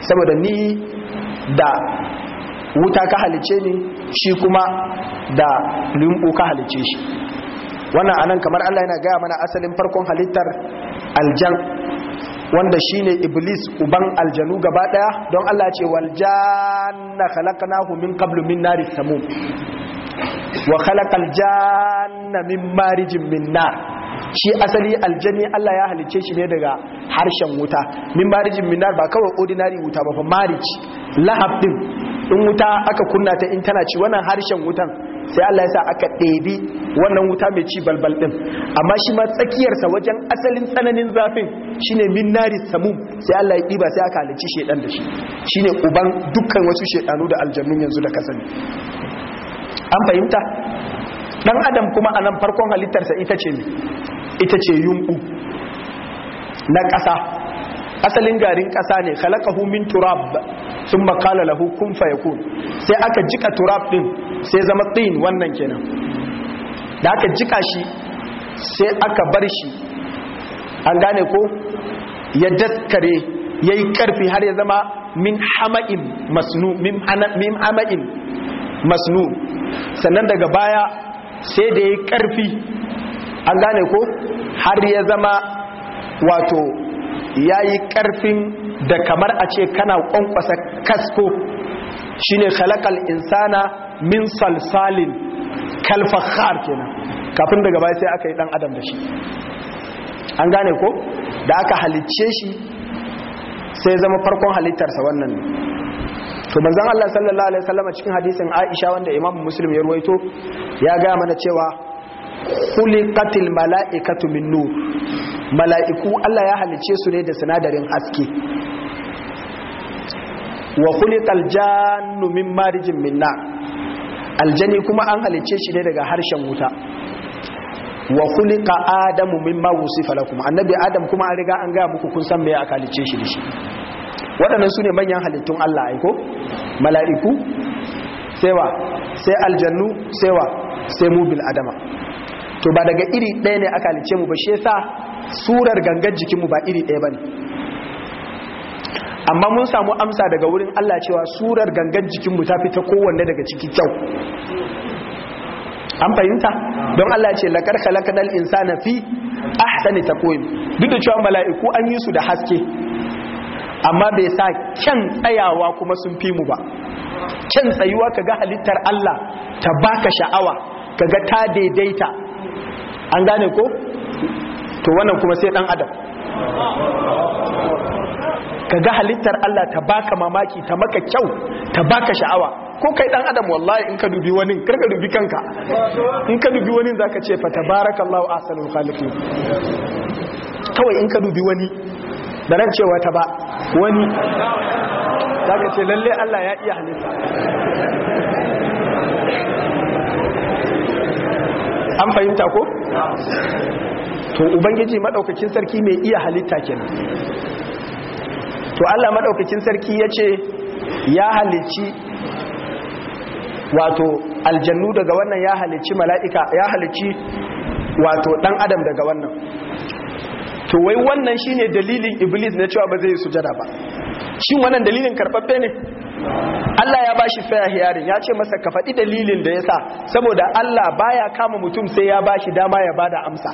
saboda ni da wuta ka halice ni shi kuma da limbu ka halice shi wannan anan kamar Allah yana gaya mana asalin farkon halittar aljan wanda shine iblis uban aljanu gaba daya don Allah ce wal janna khalaqnahu min qablu min nari samum wa khalaqal janna min marijin min nar shi asali aljani Allah ya halice shi ne daga harshen wuta min marijin min nar ba kawai ordinary wuta ba fa marij lahab din in wuta aka kunna ta in tana ci wannan harshen wutan sai Allah ya sa aka ɗebi wannan wuta mai ci balbal ɗin amma shi ma tsakiyarsa wajen asalin tsananin zafin shine minnari samum sai Allah ya ɗiba sai aka halicci shedan da shi shine uban dukkan wasu shedanu da aljannun yanzu da kasani an fahimta dan adam kuma a nan farkon halittarsa ita ce ita ce yunku na ƙasa asalin garin ƙasa ne khalaqahu min turab sun qala lahu kun fayakun sai aka jika turab din sai zama tin wannan kenan da aka jika shi sai aka bar shi an gane ko ya daskare yayi karfi har ya zama min hama'in masnu min hama'in masnu sannan daga baya sai da yayi karfi an gane ko har ya zama wato ya yi ƙarfin da kamar a ce kana ƙwanƙwasa kasko shi ne halakal insana min salsalin kalfahar kenan kafin daga baya sai aka yi ɗan adam da shi an gane ko da aka halicce shi sai zama farkon halittarsa wannan ne to manzan Allah sallallahu alaihi wasallam cikin hadisin Aisha wanda Imam Muslim ya ruwaito ya gaya mana cewa khuliqatil mala'ikatu min nur mala'iku Allah ya halice su ne da sinadarin haske wa kuli min marijin Minna, aljani kuma an halice shi ne daga harshen wuta wa ka adamu mimma wusifa annabi adam kuma an riga an gaya muku kun san me aka halice shi da waɗannan su ne manyan halittun Allah aiko mala'iku sewa sai aljannu sewa sai mubil adama to ba daga iri ɗaya ne aka halice mu ba shi yasa surar gangar jikinmu ba iri ɗaya bane amma mun samu amsa daga wurin Allah cewa surar gangar jikin mu ta fita kowanne daga ciki kyau an fahimta don Allah ce lakar khalaqnal insana fi ahsani taqwim duk da cewa mala'iku an yi su da haske amma bai sa kyan tsayawa kuma sun fi mu ba kyan tsayuwa ka ga halittar Allah ta baka sha'awa ka ga ta daidaita an gane ko to wannan kuma sai dan adam ka ga halittar Allah ta baka mamaki ta maka kyau ta baka sha'awa ko kai dan adam wallahi in ka dubi wani kar ka dubi kanka in ka dubi wani zaka ce fa tabarakallahu asalul khaliqin kawai in ka dubi wani da ran cewa ta ba wani zaka ce lalle Allah ya iya halitta an fahimta ko to ubangiji madaukakin sarki mai iya halitta kenan to Allah madaukakin sarki yace ya halicci wato aljannu daga wannan ya halicci mala'ika ya halicci wato dan adam daga wannan to wai wannan shine dalilin iblis na cewa ba zai yi sujada ba shin wannan dalilin karfaffe ne Allah ya bashi fair hearing ya ce masa ka faɗi dalilin da ya sa saboda Allah baya kama mutum sai ya bashi dama ya bada amsa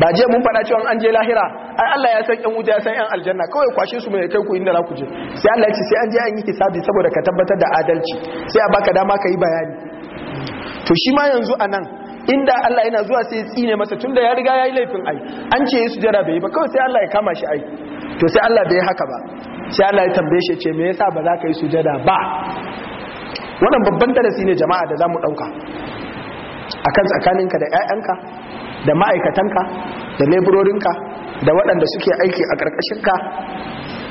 ba je mun faɗa cewa an je lahira ai Allah ya san ƴan wuta ya san ƴan aljanna kawai kwashe su mai kai ku inda za ku je sai Allah ya ce sai an je an yi hisabi saboda ka tabbatar da adalci sai a baka dama ka yi bayani to shi ma yanzu anan inda Allah yana zuwa sai ya tsine masa tunda ya riga ya yi laifin ai an ce ya sujada bai yi ba kawai sai Allah ya kama shi ai to sai Allah bai haka ba sai Allah ya tambaye shi ce me yasa ba za ka yi sujada ba wannan babban darasi ne jama'a da zamu dauka akan tsakaninka da ƴaƴanka da ma'aikatanka da leburorinka da waɗanda suke aiki a ka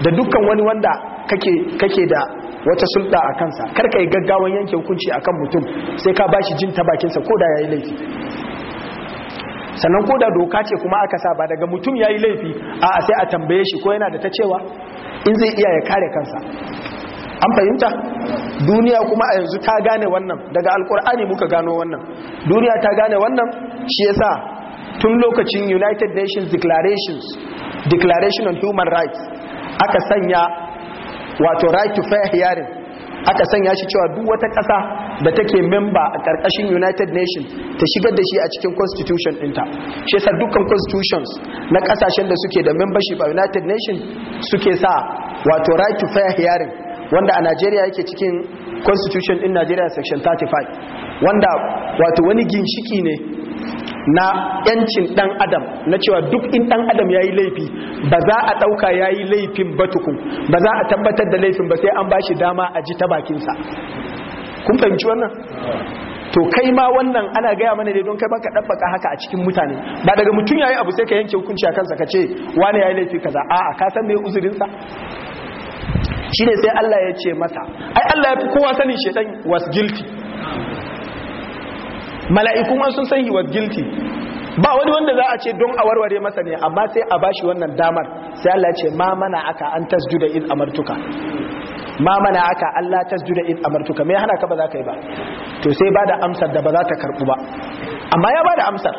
da dukkan wani wanda kake kake da wata sulɗa a kansa kar ka yi gaggawan yanke hukunci akan mutum sai ka bashi jin ta bakinsa ko da yayi laifi sannan ko da doka ce kuma aka sa ba daga mutum ya yi laifi a sai a tambaye shi ko yana da ta cewa in zai iya ya kare kansa an fahimta duniya kuma a yanzu ta gane wannan daga alkur'ani muka gano wannan duniya ta gane wannan shi yasa tun lokacin united nations declarations declaration on human rights aka sanya wato right to fair hearing aka sanya shi cewa duk wata ƙasa da take memba a ƙarƙashin united nations ta shigar da shi a cikin constitution ɗinta shi sa dukkan constitutions na ƙasashen da suke da membership a united nations suke sa wato right to fair hearing wanda a Nigeria yake cikin constitution ɗin Nigeria section 35 wanda wato wani ginshiki ne na yancin dan adam na cewa duk in dan adam yayi laifi ba za a dauka yayi laifin ba tukun ba za a tabbatar da laifin ba sai an bashi dama a ji ta bakin sa kun fahimci wannan to kai ma wannan ana gaya mana ne don kai ka dabbaka haka a cikin mutane ba daga mutum yayi abu sai ka yanke hukunci a kansa ka ce wani yayi laifi kaza a'a ka san me uzurin sa shine sai Allah ya ce masa ai Allah ya fi kowa sanin shedan was guilty mala'iku ma sun san he was guilty ba wani wanda za a ce don a warware masa ne amma sai a bashi wannan damar sai Allah ce ma mana aka an tasjuda in amartuka ma mana aka Allah tasjuda in amartuka me hana ka ba za ka yi ba to sai ba da amsar da ba za ta karbu ba amma ya ba da amsar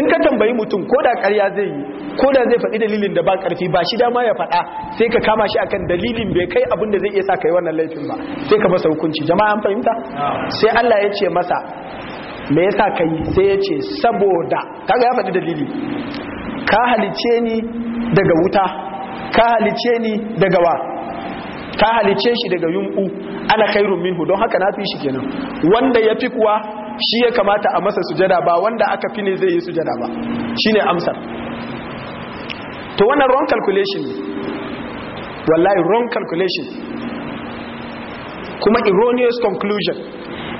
in ka tambayi mutum ko da ƙarya zai yi ko da zai faɗi dalilin da ba ƙarfi ba shi dama ya faɗa sai ka kama shi akan dalilin bai kai abun da zai iya sa kai wannan laifin ba sai ka masa hukunci jama'a an fahimta sai Allah ya ce masa me yasa kai sai ya ce saboda kaga ya faɗi dalili ka halice ni daga wuta ka halice ni daga wa ka halice shi daga yunku ana khairun minhu don haka na fi shi kenan wanda ya fi kuwa shi ya kamata a masa sujada ba wanda aka fi ne zai yi sujada ba shine amsar to wannan wrong calculation wallahi wrong calculation kuma erroneous conclusion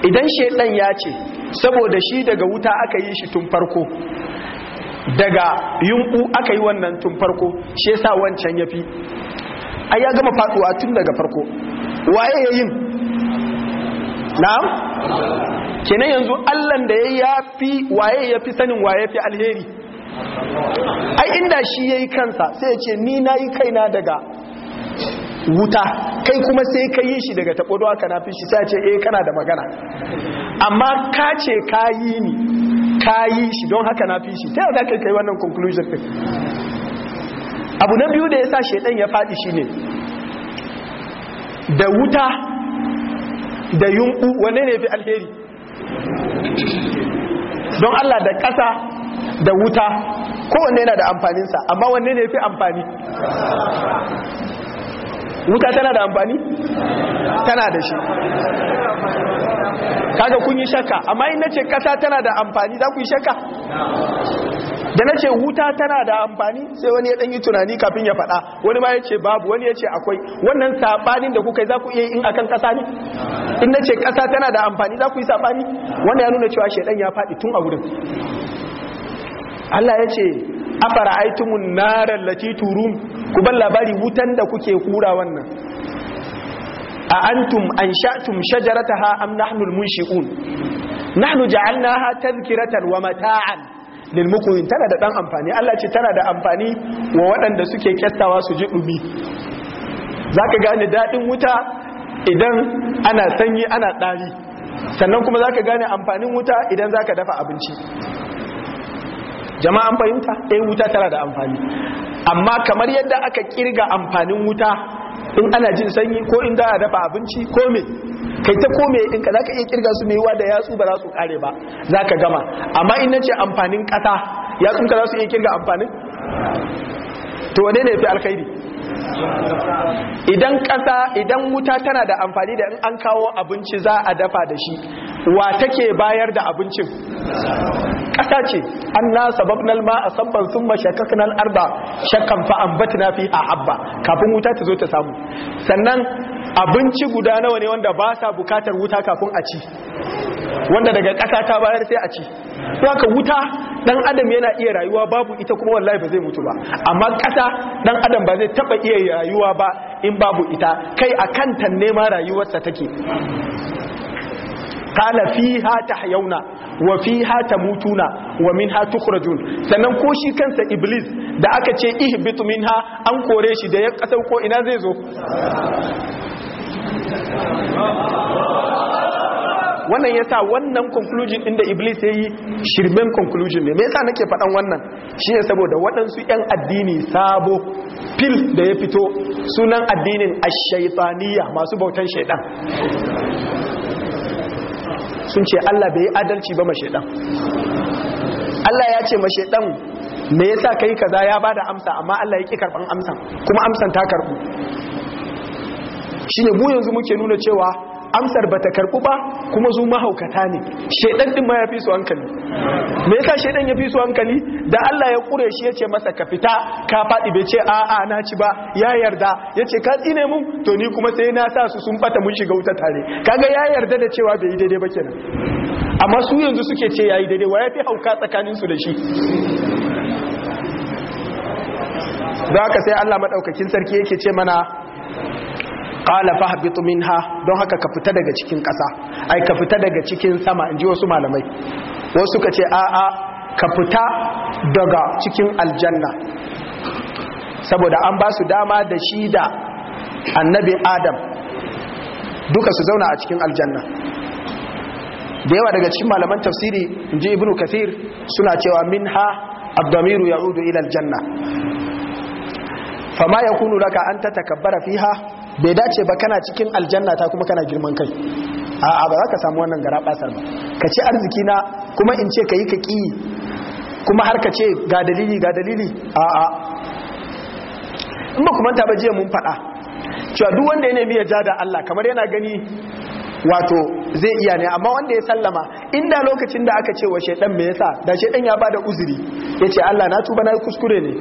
idan shedan ya ce saboda shi daga wuta aka yi shi tun farko daga yunku aka yi wannan tun farko shi sa wancan yafi ai ya gama faduwa tun daga farko waye ya yin na'am kenan yanzu Allah da ya fi waye ya fi sanin waye fi alheri ai inda shi yayi kansa sai ya ce ni na yi kaina daga wuta kai kuma sai ka yi shi daga taɓo ka na fi shi sai ce eh kana da magana amma ka ce ka yi ni ka yi shi don haka na fi shi ta yadda kai yi wannan conclusion ɗin abu na biyu da ya sa shaidan ya faɗi shi ne da wuta da yunku wane ne fi alheri don Allah da ƙasa da wuta kowanne yana da amfaninsa amma wanne ne fi amfani wuta tana da amfani tana da shi kaga kun yi shakka amma in nace kasa tana da amfani za ku yi shakka da nace wuta tana da amfani sai wani ya dan yi tunani kafin ya faɗa wani ma ya ce babu wani ya ce akwai wannan sabanin da kuka yi za ku iya in akan kasa ne in nace kasa tana da amfani za ku yi sabani wanda ya nuna cewa shedan ya faɗi tun a wurin Allah ya ce afara aitumun narar lati turun ku ban labari wutan da kuke hura wannan a antum an sha'tum shajarataha am nahnul munshiqun nahnu ja'alnaha tadhkiratan wa mata'an lilmukuyin tana da dan amfani Allah ce tana da amfani wa waɗanda suke kyastawa su ji ɗumi za ka gane daɗin wuta idan ana sanyi ana ɗari sannan kuma za ka gane amfanin wuta idan za ka dafa abinci jama'an fahimta eh wuta tana da amfani amma kamar yadda aka kirga amfanin wuta in ana jin sanyi ko in da dafa abinci ko me kai ta ko kome in ka zaka iya kirga su maiwa da yatsu ba za su kare ba zaka gama amma in nace amfanin kasa yatsun ka za su iya kirga amfanin to wane ne fi alkhairi idan ƙasa idan wuta tana da amfani da in an kawo abinci za a dafa da shi wa take bayar da abincin ƙasa ce an na sababnal ma a sabban sun mashakaknal arba shakkan batina fi a abba, kafin wuta ta zo ta samu sannan abinci guda nawa ne wanda ba sa bukatar wuta kafin a ci wanda daga ƙasa ta bayar sai a ci Saka wuta dan adam yana iya rayuwa babu ita kuma wallahi ba zai mutu ba amma ƙasa dan adam ba zai taba iya rayuwa ba in babu ita kai akan ta nema rayuwarsa take qala fiha tahyauna wa fiha tamutuna wa minha tukhrajun sannan ko shi kansa iblis da aka ce ihbitu minha an kore shi da ya kasau ko ina zai zo wannan ya sa wannan conclusion ɗin da iblis yi shirmen conclusion ne me yasa nake faɗan wannan shi ne saboda waɗansu yan addini sabo fil da ya fito sunan addinin ash masu bautan shaidan. sun ce Allah bai adalci ba ma shaidan. Allah ya ce ma shaydan me yasa kai kaza ya bada amsa amma Allah ya ki karban amsan kuma amsan ta karɓu ne mu yanzu muke nuna cewa amsar ba ta karbu ba kuma zu mahaukata ne shaidan ɗin ma ya fi su hankali me yasa shaidan ya fi su hankali da Allah ya kure shi ya ce masa ka fita ka faɗi bai ce a a na ci ba ya yarda ya ce ka tsine mun to ni kuma sai na sa su sun bata mun shiga wuta tare kaga ya yarda da cewa bai yi daidai ba kenan amma su yanzu suke ce yayi daidai wa ya fi hauka tsakanin su da shi da haka sai Allah madaukakin sarki yake ce mana qala fahbitu minha don haka ka fita daga cikin kasa, ai ka fita daga cikin sama inji wasu malamai wasu ka ce a a ka fita daga cikin aljanna saboda an ba su dama da shi da annabi adam duka su zauna a cikin aljanna da yawa daga cikin malaman tafsiri inji ibnu kathir suna cewa minha abdamiru ya'udu ila aljanna fama yakunu laka an tatakabbara fiha bai dace ba kana cikin aljanna ta kuma kana girman kai a ba za ka samu wannan gara basar ba ka ci arziki na kuma in ce ka yi ka ƙi kuma har ka ce ga dalili ga dalili a in ba kuma ta ba jiya mun faɗa cewa duk wanda ya nemi ya ja da Allah kamar yana gani wato zai iya ne amma wanda ya sallama inda lokacin da aka ce wa shaidan me yasa da shaidan ya bada uzuri yace Allah na tuba na kuskure ne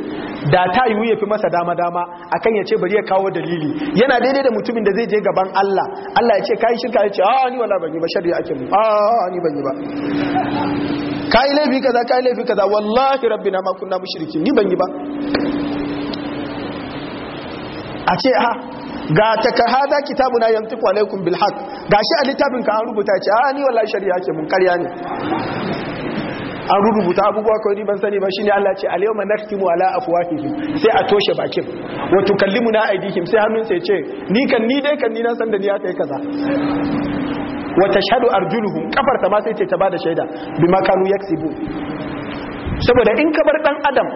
da ta yi ya fi masa dama dama akan ya ce bari ya kawo dalili yana daidai da mutumin da zai je gaban Allah Allah ya ce kai shirka ya ce a ah, ni wala ban yi ba shari'a ake mu a ah, ah, ni ban yi ba kai laifi kaza kai laifi kaza wallahi rabbina ma kunna mushrikin ni ban yi ba a ce ha ga na kitabuna yantiqu alaikum bilhak. Ga shi a littafin ka an rubuta ce a ni wallahi shari'a ke mun karya ne an rubuta abubuwa kawai ni ban sani ba shine Allah ce al-yawma mu ala afwahihim sai a toshe bakin wa tukallimuna aydihim sai hannun sai ce ni kan ni dai kan ni na san da ni ya kai kaza wa tashhadu arjuluhum kafar ta ma sai ce ta bada shaida bima kanu yaksubu saboda in ka bar dan adam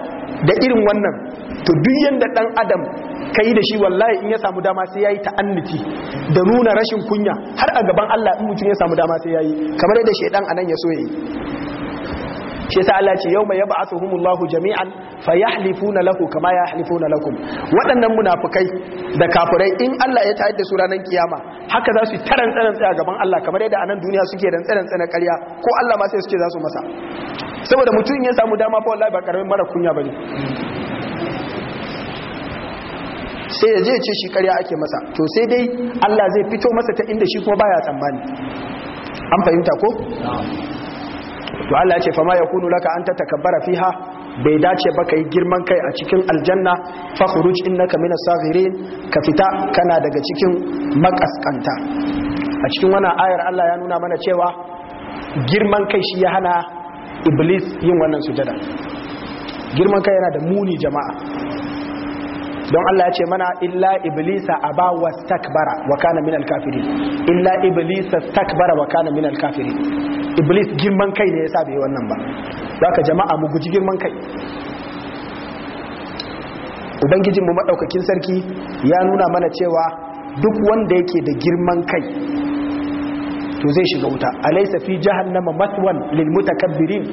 da irin wannan to duk yanda dan adam kai da shi wallahi in ya samu dama sai yayi ta'annuti da nuna rashin kunya har a gaban Allah in mutum ya samu dama sai yayi kamar yadda shedan anan ya so yayi shi yasa Allah ce yawma yab'athuhumullahu jami'an na laku kama na laku, waɗannan munafukai da kafurai in Allah ya tayar da su ranar kiyama haka za su taran tsaran tsaya gaban Allah kamar yadda anan duniya suke dan tsaran tsana ko Allah ma sai suke za su masa saboda mutum ya samu dama fa wallahi ba karamin mara kunya bane sai ya je ce shi karya ake masa to sai dai Allah zai fito masa ta inda shi kuma baya tsammani an fahimta ko to Allah ya ce fama kunu laka an tatakabbara fiha bai dace ba yi girman kai a cikin aljanna fakhruj innaka minas sagirin ka fita kana daga cikin makaskanta a cikin wannan ayar Allah ya nuna mana cewa girman kai shi ya hana iblis yin wannan sujada girman kai yana da muni jama'a don Allah ya ce mana illa iblisa aba wastakbara wa kana min alkafirin illa iblisa stakbara wa kana min alkafirin iblis girman kai ne yasa bai wannan ba zaka jama'a mu guji girman kai mu madaukakin sarki ya nuna mana cewa duk wanda yake da girman kai to zai shiga wuta alaysa fi jahannama matwan lil mutakabbirin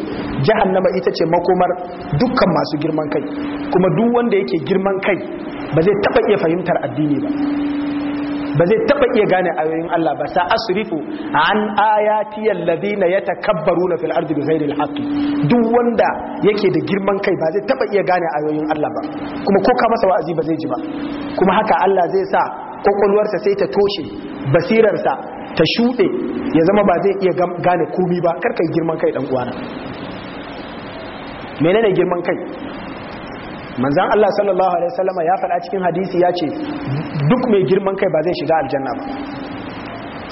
jahannama ita ce makomar dukkan masu girman kai kuma duk wanda yake girman kai ba zai taɓa iya fahimtar addini ba ba zai taɓa iya gane ayoyin Allah ba sa asrifu an ayati alladhina yatakabbaruna fil ardi bighairi alhaq duk wanda yake da girman kai ba zai taɓa iya gane ayoyin Allah ba kuma ko ka masa wa'azi ba zai ji ba kuma haka Allah zai sa kokolwarsa sai ta toshe basirarsa ta shuɗe ya zama ba zai iya gane komi ba karkai girman kai dan uwana menene girman kai manzan Allah sallallahu alaihi wasallam ya faɗa cikin hadisi ya ce duk mai girman kai ba zai shiga aljanna ba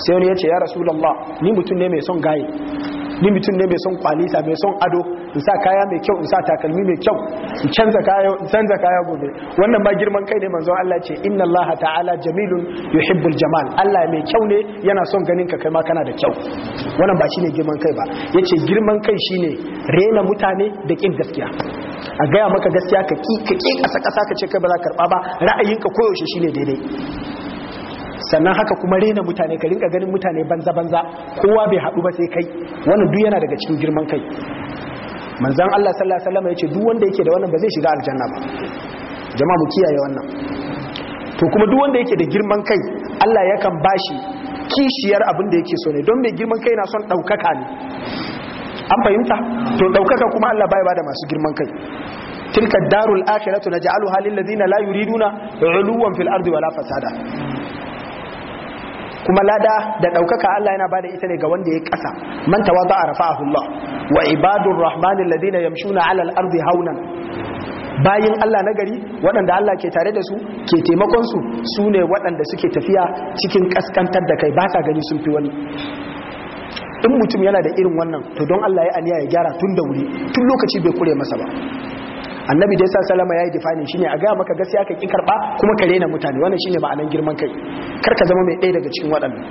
sai wani ya ce ya rasulallah ni mutum ne mai son gaye ni mutum ne mai son kwalisa mai son ado in sa kaya mai kyau in sa takalmi mai kyau in canza kaya in canza kaya gobe wannan ma girman kai ne manzon Allah ce inna Allah ta'ala jamilun yuhibbul jamal Allah mai kyau ne yana son ganin ka kai ma kana da kyau wannan ba shine girman kai ba yace girman kai shine rena mutane da kin gaskiya a gaya maka gaskiya ka ki ka ki kasa kasa ka ce kai ba za ka karba ba ra'ayinka koyaushe shine daidai sannan haka kuma rena mutane ka rinka ganin mutane banza banza kowa bai haɗu ba sai kai wannan duk yana daga cikin girman kai manzan Allah sallallahu alaihi wasallam ce duk wanda yake da wannan ba zai shiga aljanna ba jama'a mu kiyaye wannan to kuma duk wanda yake da girman kai Allah yakan bashi kishiyar abin da yake so ne don mai girman kai na son daukaka ne an fahimta to ɗaukaka kuma Allah bai ba da masu girman kai tilka darul akhiratu naj'aluha lil ladina la yuriduna 'uluwan fil ardi wala fasada kuma lada da ɗaukaka Allah yana bada ita ne ga wanda ya kasa man tawada a Allah wa ibadur rahman alladhina yamshuna 'ala al-ardi haunan bayin Allah na gari waɗanda Allah ke tare da su ke taimakon su sune waɗanda suke tafiya cikin kaskantar da kai ba gani sun fi wani in mutum yana da irin wannan to don Allah ya aniya ya gyara tun da wuri tun lokaci bai kure masa ba annabi da yasa salama yayi difani shine a ga maka gaskiya ka ki karba kuma ka rena mutane wannan shine ma'anar girman kai kar ka zama mai ɗaya daga cikin waɗannan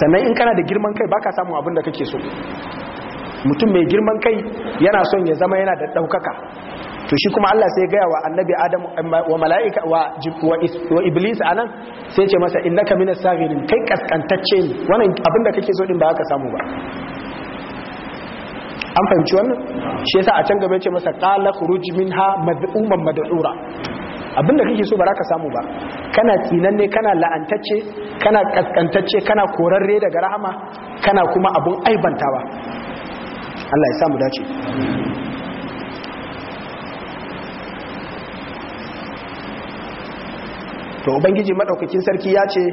sannan in kana da girman kai baka samun abin da kake so mutum mai girman kai yana son ya zama yana da ɗaukaka to shi kuma Allah sai gaya wa annabi Adam wa mala'ika wa iblis anan sai ya ce masa innaka minas sagirin kai kaskantacce ne wannan abin da kake so din ba ka samu ba an fahimci wannan shi yasa a can gaba ya ce masa qala khuruj minha mad'uman mad'ura abinda kake so ba za ka samu ba kana sinanne kana la'antacce kana kaskantacce kana korarre daga rahama kana kuma abun aibantawa Allah ya samu dace to ubangiji madaukakin sarki ya ce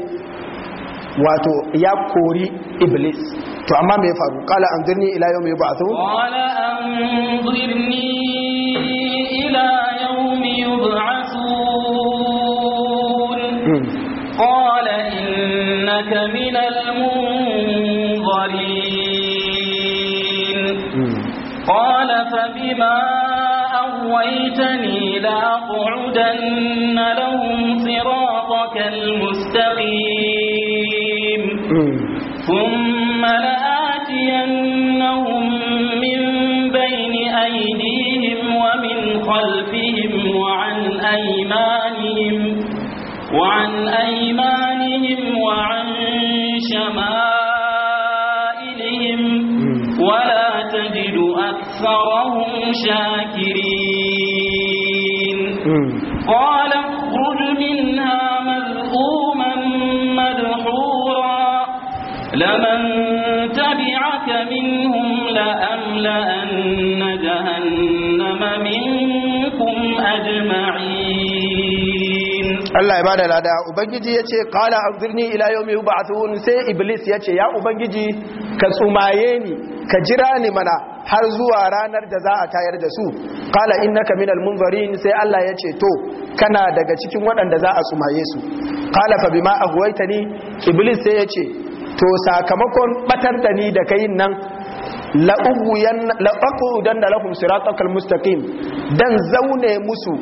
wato ya kori iblis to amma me ya faru qala anzirni ila yawmi yub'athun qala
anzirni ila yawmi yub'athun qala innaka minal munzirin qala fabima أغويتني لأقعدن لهم صراطك المستقيم ثم ثم لآتينهم من بين أيديهم ومن خلفهم وعن أيمانهم وعن أيمانهم وعن شمائلهم ولا تجد أكثرهم شاكرين
Allah ya bada lada ubangiji yace qala anzirni ila yawmi yub'athun sai iblis yace ya ubangiji ka tsumaye ni ka jira ni mana har zuwa ranar da za a tayar da su qala innaka minal munzarin sai Allah yace to kana daga cikin waɗanda za a tsumaye su qala fa bima aghwaytani iblis sai yace to sakamakon batar da ni da kayin nan la'akudan da lahum siratakal mustaqim dan zaune musu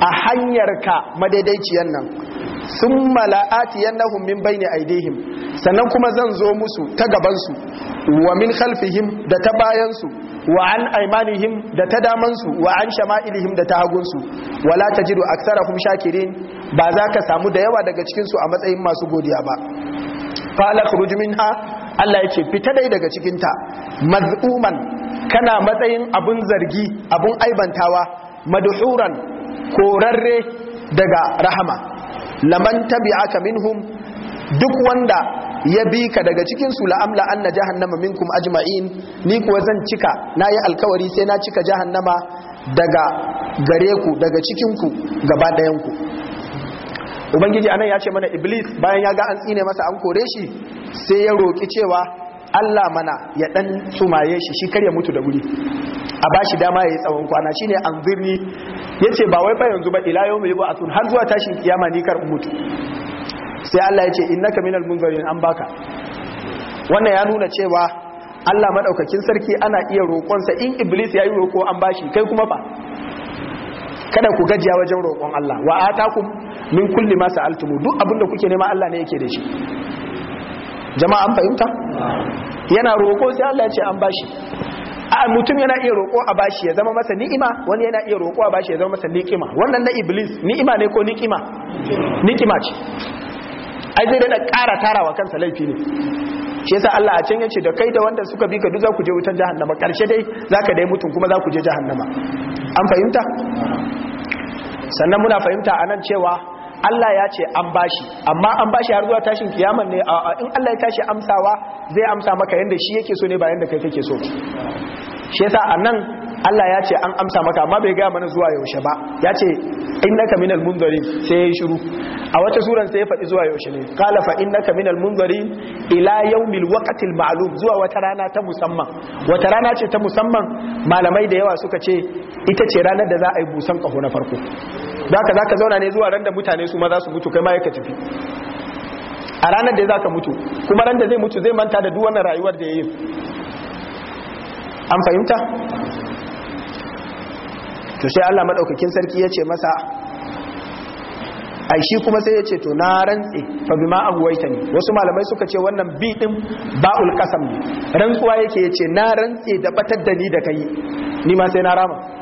a hanyarka madaidaiciyar nan sun mala'ati yannahum min bayni aidihim sannan kuma zan zo musu ta gabansu wa min khalfihim da ta bayansu wa an aimanihim da ta damansu wa an shama'ilihim da ta hagunsu wala tajidu aktsarahum shakirin ba za ka samu da yawa daga cikinsu a matsayin masu godiya ba fa la khuruj minha Allah ya ce fita dai daga cikinta maz'uman kana matsayin abun zargi abun aibantawa madhuran korarre daga rahama laman tabi'aka minhum duk wanda ya bi ka daga cikin su la'amla anna jahannama minkum ajma'in ni kuwa zan cika nayi alkawari sai na cika jahannama daga gare ku daga cikin ku gaba dayan ku ubangiji anan ya ce mana iblis bayan ya ga an tsine masa an kore shi sai ya roki cewa Allah mana ya dan sumaye shi shi kar ya mutu da wuri a bashi dama yayi tsawon kwana shine anzirni yace ba wai ba yanzu ba ila yau mai ba'atun har zuwa tashin kiyama ni kar mutu sai Allah ya ce innaka minal munzirin an baka wannan ya nuna cewa Allah madaukakin sarki ana iya roƙonsa in iblis ya yi roƙo an bashi kai kuma fa kada ku gajiya wajen roƙon Allah wa atakum min kulli ma sa'altumu duk abin da kuke nema Allah ne yake da shi jama'a an fahimta yana roƙo sai Allah ya ce an bashi a mutum yana iya roƙo a bashi ya zama masa ni'ima wani yana iya roƙo a bashi ya zama masa ni'ima wannan na iblis ni'ima ne ko ni'ima ni'ima ce ai zai dana ƙara tarawa kansa laifi ne shi yasa Allah a can yace da kai da wanda suka bi ka duk za ku je wutan jahannama karshe dai zaka dai mutum kuma za ku je jahannama an fahimta sannan muna fahimta anan cewa Allah ya ce an bashi amma an bashi har zuwa tashin kiyaman ne a in Allah ya tashi amsawa zai amsa maka yanda shi yake so ne ba yanda kai kake so shi yasa anan Allah ya ce an amsa maka amma bai ga mana zuwa yaushe ba ya ce innaka minal munzari sai ya shiru a wata suran sai ya faɗi zuwa yaushe ne qala fa innaka minal munzari ila yawmil waqtil ma'lum zuwa wata rana ta musamman wata rana ce ta musamman malamai da yawa suka ce ita ce ranar da za a yi busan kaho na farko Zaka za zaka zauna ne zuwa ran mutane su ma za su mutu kai ma yake tafi a ranar da zaka mutu kuma ran da zai mutu zai manta da duk wannan rayuwar da yayi an fahimta to sai Allah madaukakin sarki ya ce masa ai shi kuma sai yace to na rantse fa bima aghwayta ni wasu malamai suka ce wannan bi din ba'ul qasam ne rantsuwa yake yace na rantse da batar da ni da kai ni ma sai na rama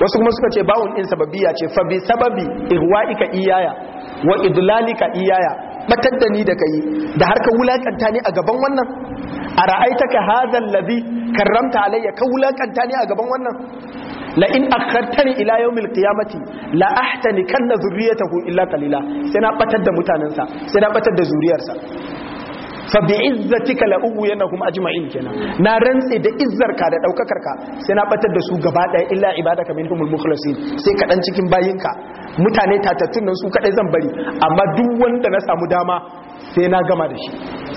wasu kuma suka ce bawun din ya ce fa sababi irwa'ika iyaya wa idlalika iyaya batar da ni da kai da harka wulakanta ni a gaban wannan a ra'aitaka hadha alladhi karramta alayya ka wulakanta ni a gaban wannan la in akhartani ila yawmil qiyamati la ahtani kanna zurriyatahu illa qalila sai na batar da mutanansa sai na batar da zuriyarsa fa bi izzatika la ughwiyannahum ajma'in kenan na rantse da izzar ka da ka sai na batar da su gaba daya illa ibadaka minhumul mukhlasin sai kaɗan cikin bayinka mutane tatattun nan su kadai zan bari amma duk wanda na samu dama sai na gama da shi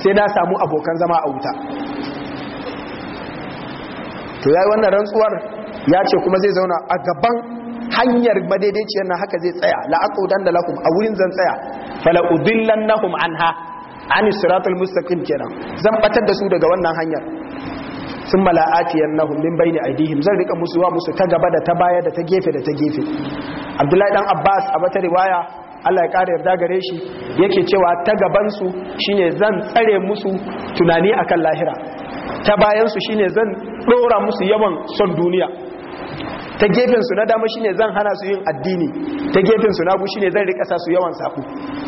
sai na samu abokan zama a wuta to yayi wannan rantsuwar ya ce kuma zai zauna a gaban hanyar madaidaiciyar na haka zai tsaya la aqudan da lakum a wurin zan tsaya fala udillannahum anha ani siratul mustaqim kenan zan batar da su daga wannan hanyar sun mala'ati nahum min bayni aidihim zan rika musu wa musu ta gaba da ta baya da ta gefe da ta gefe abdullahi dan abbas a wata riwaya Allah ya ƙara yarda gare shi yake cewa ta gabansu shine zan tsare musu tunani akan lahira ta bayansu shine zan ɗora musu yawan son duniya ta su na dama shine zan hana su yin addini ta su na hagu shine zan rika sa su yawan saku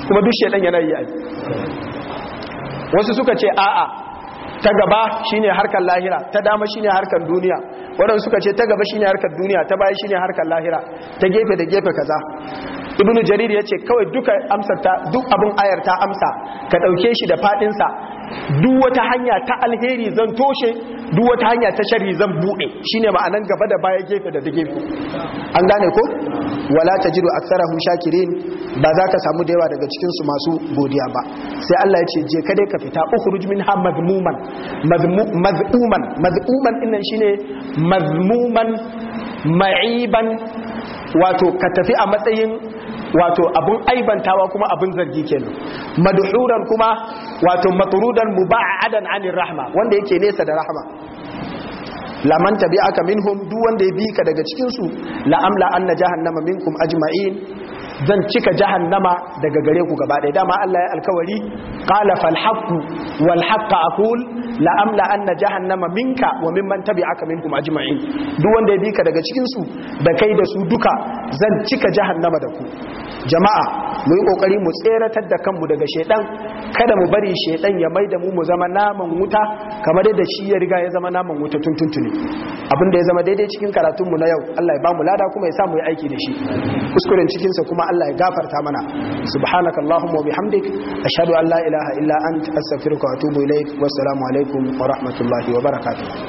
kuma duk shedan yana yi wasu suka ce a'a ta gaba shine harkar lahira ta dama shine harkar duniya waɗansu suka ce ta gaba shine harkar duniya ta baya shine harkar lahira ta gefe da gefe kaza ibnu jarir ya ce kawai duka amsar duk abin ayar ta amsa ka ɗauke shi da faɗinsa duk wata hanya ta alheri zan toshe duk wata hanya ta shari zan bude shine ma'anan gaba da baya gefe da dige gefe an gane ko wala tajidu aktsarahum shakirin ba za ka samu da yawa daga cikin su masu godiya ba sai Allah ya ce je ka dai ka fita ukhruj minha madmuman madmuman madmuman dinnan shine mazmuman ma'iban wato ka tafi a matsayin wato abun aibantawa kuma abun zargi kenan madhuran kuma wato matrudan muba'adan anir rahma wanda yake nesa da rahma laman tabi'aka minhum duk wanda ya bika daga cikin su la amla anna jahannama minkum ajma'in zan cika jahannama daga gare ku gaba ɗaya dama Allah ya alkawari qala fal haqqu wal haqqa aqul la amla anna jahannama minka wa mimman tabi'aka minkum ajma'in duk wanda ya ka daga cikin su da kai da su duka zan cika jahannama da ku jama'a mu yi kokari mu tseratar da kanmu daga shedan kada mu bari shedan ya maida mu mu zama naman wuta kamar yadda shi ya riga ya zama naman wuta tun tun abin da ya zama daidai cikin karatun mu na yau Allah ya ba mu lada kuma ya sa mu yi aiki da shi kuskuren cikin sa kuma Allah ya gafarta mana subhanakallahumma wa bihamdik ashhadu an la ilaha illa anta astaghfiruka wa atubu ilaik assalamu alaikum wa rahmatullahi wa barakatuh